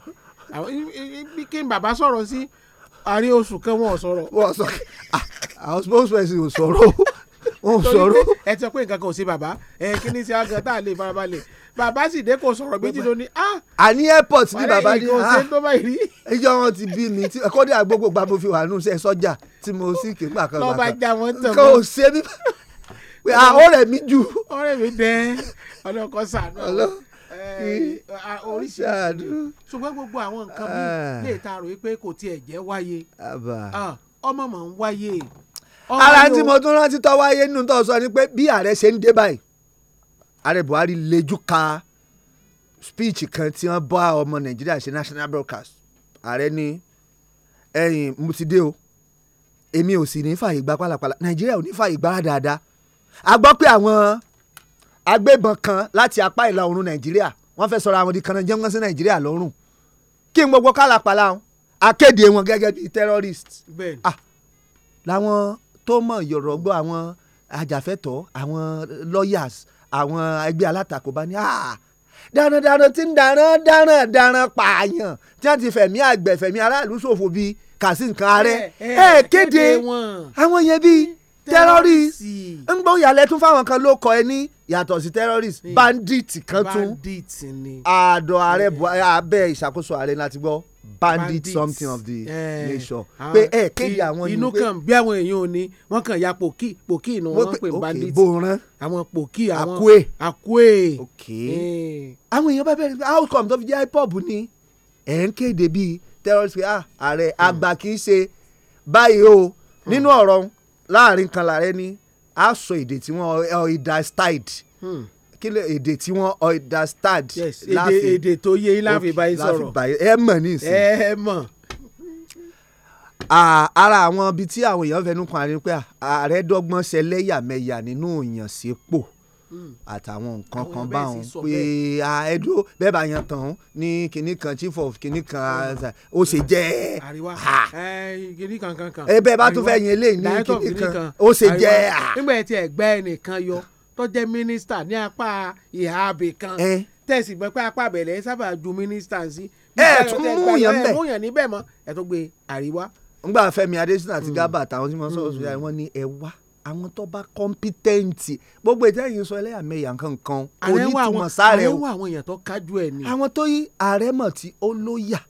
kí n bàbá sọ̀rọ̀ sí àrí oṣù kan wọn ò sọ̀rọ̀. wọn ò sọ̀rọ̀ <laughs> ah, àwọn spokesperson ò sọ̀rọ̀ wọn ò sọ̀rọ̀. ẹ ti sọ pé nǹkan kan ò sí bàbá ẹ kí ni ti àgàn tá a lè farabalẹ̀ bàbá sì dé kò sọ̀rọ̀ méjì lónìí. Ah, a ní airport ní bàbá ní a ah, ìjọ wọn ti bí mi kọ́dà gbogbo gba mo fi wà nù sẹ́ sọ́jà tí mo sì ké gbà kan gbà kan kò ṣe mí <laughs> pé mi jù. ọ̀rẹ́ mi dẹ́ ọlọ́kọ̀ sànú. Eh, oríṣiríṣi ṣùgbọ́n gbogbo àwọn nǹkan bíi ah. lè ta rò pé kò tiẹ̀ jẹ́ wáyé ah, ọmọ mọ̀ ń wáyé. ara tí mo tún rántí tó wáyé nínú tó sọ ni pé bí ààrẹ ṣe ń dé báyìí ààrẹ Buhari lejú ka speech kan tí wọ́n bá ọmọ Nàìjíríà ṣe national broadcast ààrẹ ní ẹ̀yin mo ti dé o èmi ò sì ní fàyè gba pálapàla Nàìjíríà ò ní fàyè gba dáadáa a gbọ́ pé àwọn agbébọn kan láti apá ìlà oòrùn nàìjíríà wọ́n fẹ́ sọ̀rọ̀ àwọn di kanna jẹun sí nàìjíríà lọ́rùn kí n gbogbo kálapàla wọn akéde wọn gẹ́gẹ́ bíi terrorist ah làwọn tó mọ̀ yọ̀rọ̀ gbọ́ àwọn ajàfẹ́tọ̀ọ́ àwọn lawyers àwọn ẹgbẹ́ alátakò bá ní ah darandaran tí ń daran daran daran pààyàn tí wọ́n ti fẹ̀mí àgbẹ̀ fẹ̀mí aráàlú ṣòfò bíi kàsí nǹkan ààrẹ ẹ kéde àwọn yẹn bíi terrorist ń gbọ́ ìyàlẹ́ tún fáwọn kan ló kọ ẹ ní yàtọ̀ sí terrorist hmm. bandit kan tún àdọ̀ ààrẹ eh. abẹ́ ìṣàkóso ààrẹ láti gbọ́ bandit something of the eh. nation ah, pé ẹ eh, kéde àwọn ni inú kan bí àwọn èèyàn ò ní wọn kàn ya pòkì pòkì inú wọn pè bandit àwọn pòkì àwọn akue akue àwọn èèyàn bá bẹ̀rẹ̀ outcome tó fi jẹ́ hip-hop ni ẹ̀ ń kéde bíi terrorist pé ah, ààrẹ àgbà kì í ṣe báyìí o hmm. nínú ọ̀rọ̀ láàrin kan làárẹ̀ ni a sọ èdè tí wọ́n understand hmm. kílẹ̀ èdè tí wọ́n understand. yes èdè èdè tó yé yín láfi báyìí sọ̀rọ̀ ẹ mọ̀ ní ìsìn. ẹ mọ̀. ara àwọn ibi tí àwọn èèyàn fẹnu kan àárín pé ààrẹ dọ́gbọ́n ṣẹlẹ́yàmẹ̀yà nínú ìyànsípò. No àtàwọn nǹkan kan bá òun pé ẹdúró ah, bẹ́ẹ̀ bá yan tàn án ní kinní kan chief of kinní kan ó ṣe jẹ́ àríwá kinní kan kan kan bẹ́ẹ̀ bá tún fẹ́ yan eléyìí ní kinní kan ó ṣe jẹ́ nígbà tí ẹ̀gbẹ́ ẹnìkan yọ tó jẹ́ mínísítà ní apá ìhà abẹ kan tẹ̀sí gbọ́ pé apá abẹ̀lẹ̀ sábà ju mínísítà sí. ẹ tún mú yàn bẹ́ẹ̀ mú yàn níbẹ̀ mọ́ ẹ tó gbé àríwá. ngbà Fẹ́mi Adésínà àti hmm. Gábà àtàwọn tí wọn sọ ọsùn yà wọn ní ẹ wá àwọn tó bá kọ́mpítẹ́ǹtì gbogbo ìtẹ́yìn sọ ẹlẹ́yàmẹ̀yà kankan onítùmọ̀ sáré o ààrẹ wà àwọn èèyàn tó kájú ẹ̀ ni. àwọn tó yí ààrẹ mọ̀ tí ó lóyà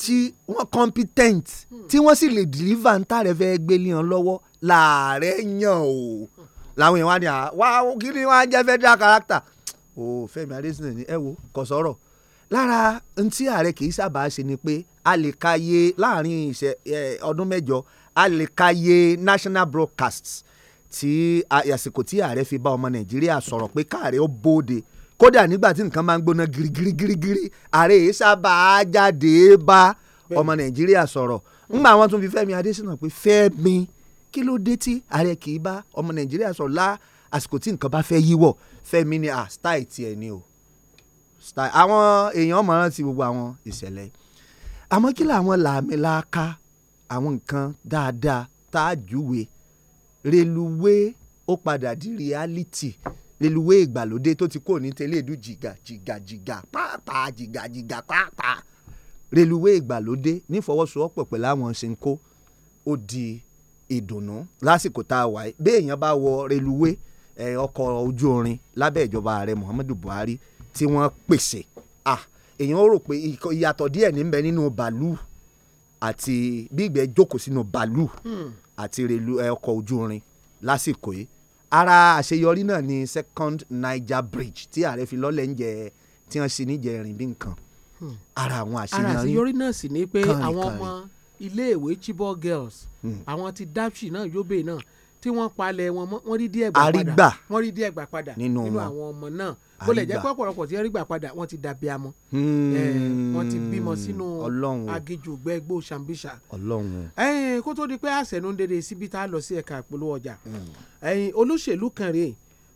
tí wọ́n competent tí wọ́n sì lè deliver ń tààrẹ fẹ́ gbélé hàn lọ́wọ́ làárẹ yàn o làwọn èèyàn wá ní à wá kí ni wọ́n á jẹ́ federal character o Fẹ́mi Adésínà ní ẹ wo kò sọ̀rọ̀ lára ntí ààrẹ kì í sábà ṣe ni pé a lè ka iye láàrin ọdún mẹ́jọ a lè ka national broadcasts tí àsìkò tí ààrẹ fi bá ọmọ nàìjíríà sọ̀rọ̀ pé káàrẹ́ ó bóde kódà nígbà tí nǹkan máa ń gbóná girigirigiri ààrẹ yìí sábà jáde bá ọmọ nàìjíríà sọ̀rọ̀ ńgbà wọn tún fi fẹ́mi adésínà pé fẹ́mi kí ló dé tí ààrẹ kì í bá ọmọ nàìjíríà sọ̀rọ̀ lá àsìkò tí nǹkan bá fẹ́ yíwọ̀ fẹ́mi ni style tiẹ̀ ni o style àwọn èèyàn mọ̀ràn ti gbogbo àwọn ìṣẹ̀lẹ̀ àmọ́ kí làwọn làmìlaka àwọn nǹkan dáadáa tá a júwe reluwé ó padà di reality reluwé ìgbàlódé tó ti kò ní tẹ́lẹ̀ dùn jìgà jìgà jìgà pàápàá jìgà jìgà pàápàá reluwé ìgbàlódé nífọwọ́sowọ́pọ̀ pẹ̀lú àwọn ṣinkó ó di ìdùnnú lásìkò tá a wà yìí béèyàn bá wọ reluwé ọkọ̀ ojú orin lábẹ́ ìjọba ààrẹ Muhammadu Buhari tí wọ́n pèsè ah èèyàn ó rò pé ìyàtọ̀ díẹ̀ níbẹ̀ nínú bàálù àti bí ìgbẹ́ jókòó sínú bàálù hmm. àti relu eh, ọkọ̀ ojú irin lásìkò yìí ara àṣeyọrí náà ni second Niger bridge tí ààrẹ fi lọ́lẹ̀ ń jẹ tí wọ́n ṣe níjẹrin bí nǹkan hmm. ara àwọn àṣeyọrí ara àṣeyọrí náà sì ni pé àwọn ọmọ iléèwé Chibok girls hmm. àwọn ti dapchi náà yobe náà tí wọ́n palẹ̀ wọn mọ́ wọ́n rí díẹ̀ gbà padà wọ́n rí díẹ̀ gbà padà nínú àwọn ọmọ náà bó lè jẹ́ pé ọ̀pọ̀lọpọ̀ tí wọ́n rí gbà padà wọ́n ti dàbí amọ́ hmm. wọ́n ti bímọ sínú agijù gbẹ́gbó sambisa kó tó di pé àṣẹnu ń dédé síbi tá a lọ sí ẹ̀ka ìpolówó ọjà hmm. olóṣèlú kan rèé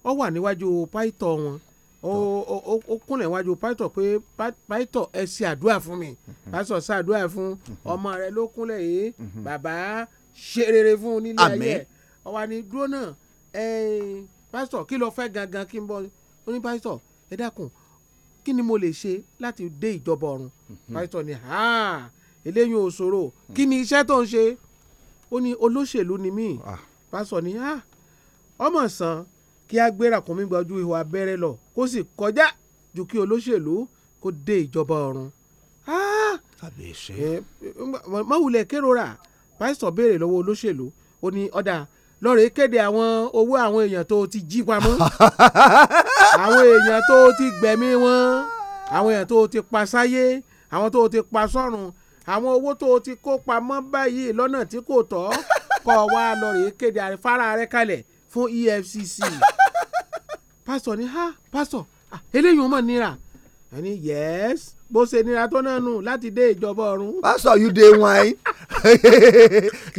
ó wà níwájú pàìtọ́ wọn ó kúnlẹ̀ wájú pásítọ̀ pé pásítọ̀ ẹ ṣe àdúrà fún mi hmm. pásítọ̀ ṣe àdúrà fún ọmọ rẹ ló kúnlẹ̀ yìí bàbá ṣe rere fún nílé ayé ó wá ní dúró náà pásítọ̀ kí ló fẹ́ gangan kí n bọ́ ó ní pásítọ̀ ẹ dákun kí ni mo lè ṣe láti dé ìjọba ọ̀run mhm. pásítọ̀ ni eléyìí ò ṣòro kí ni iṣẹ́ tó ń ṣe ó ní olóṣèlú ni mí ah. pásítọ̀ ni ọmọ sàn kí a gbé ràkúnmí gbọ́jú ihò abẹ́rẹ́ lọ kó sì kọjá ju kí olóṣèlú kó dé ìjọba ọ̀run. mọ̀wulẹ̀ kérora pásítọ̀ béèrè lọ́wọ́ olóṣèlú ó ní ọ̀dà lọ́ọ̀rẹ́ kéde àwọn owó àwọn èèyàn tó ti jí pamọ́ <laughs> àwọn èèyàn tó ti gbẹ̀mí wọn àwọn èèyàn tó ti pa sáyé àwọn tó ti pa sọ́run àwọn owó tó ti kó pamọ́ báyìí lọ́nà tí kò tọ́ kọ́ wa lọ́ọ̀rẹ́ kéde àrífárá rẹ kalẹ̀ fún EFCC pásítọ̀ ni ha pásítọ̀ eléyìí wọn mọ̀ nira ẹni yẹ́s bó ṣe nira tó náà nù láti dé ìjọba ọ̀run. pásítọ̀ you dey wine <laughs>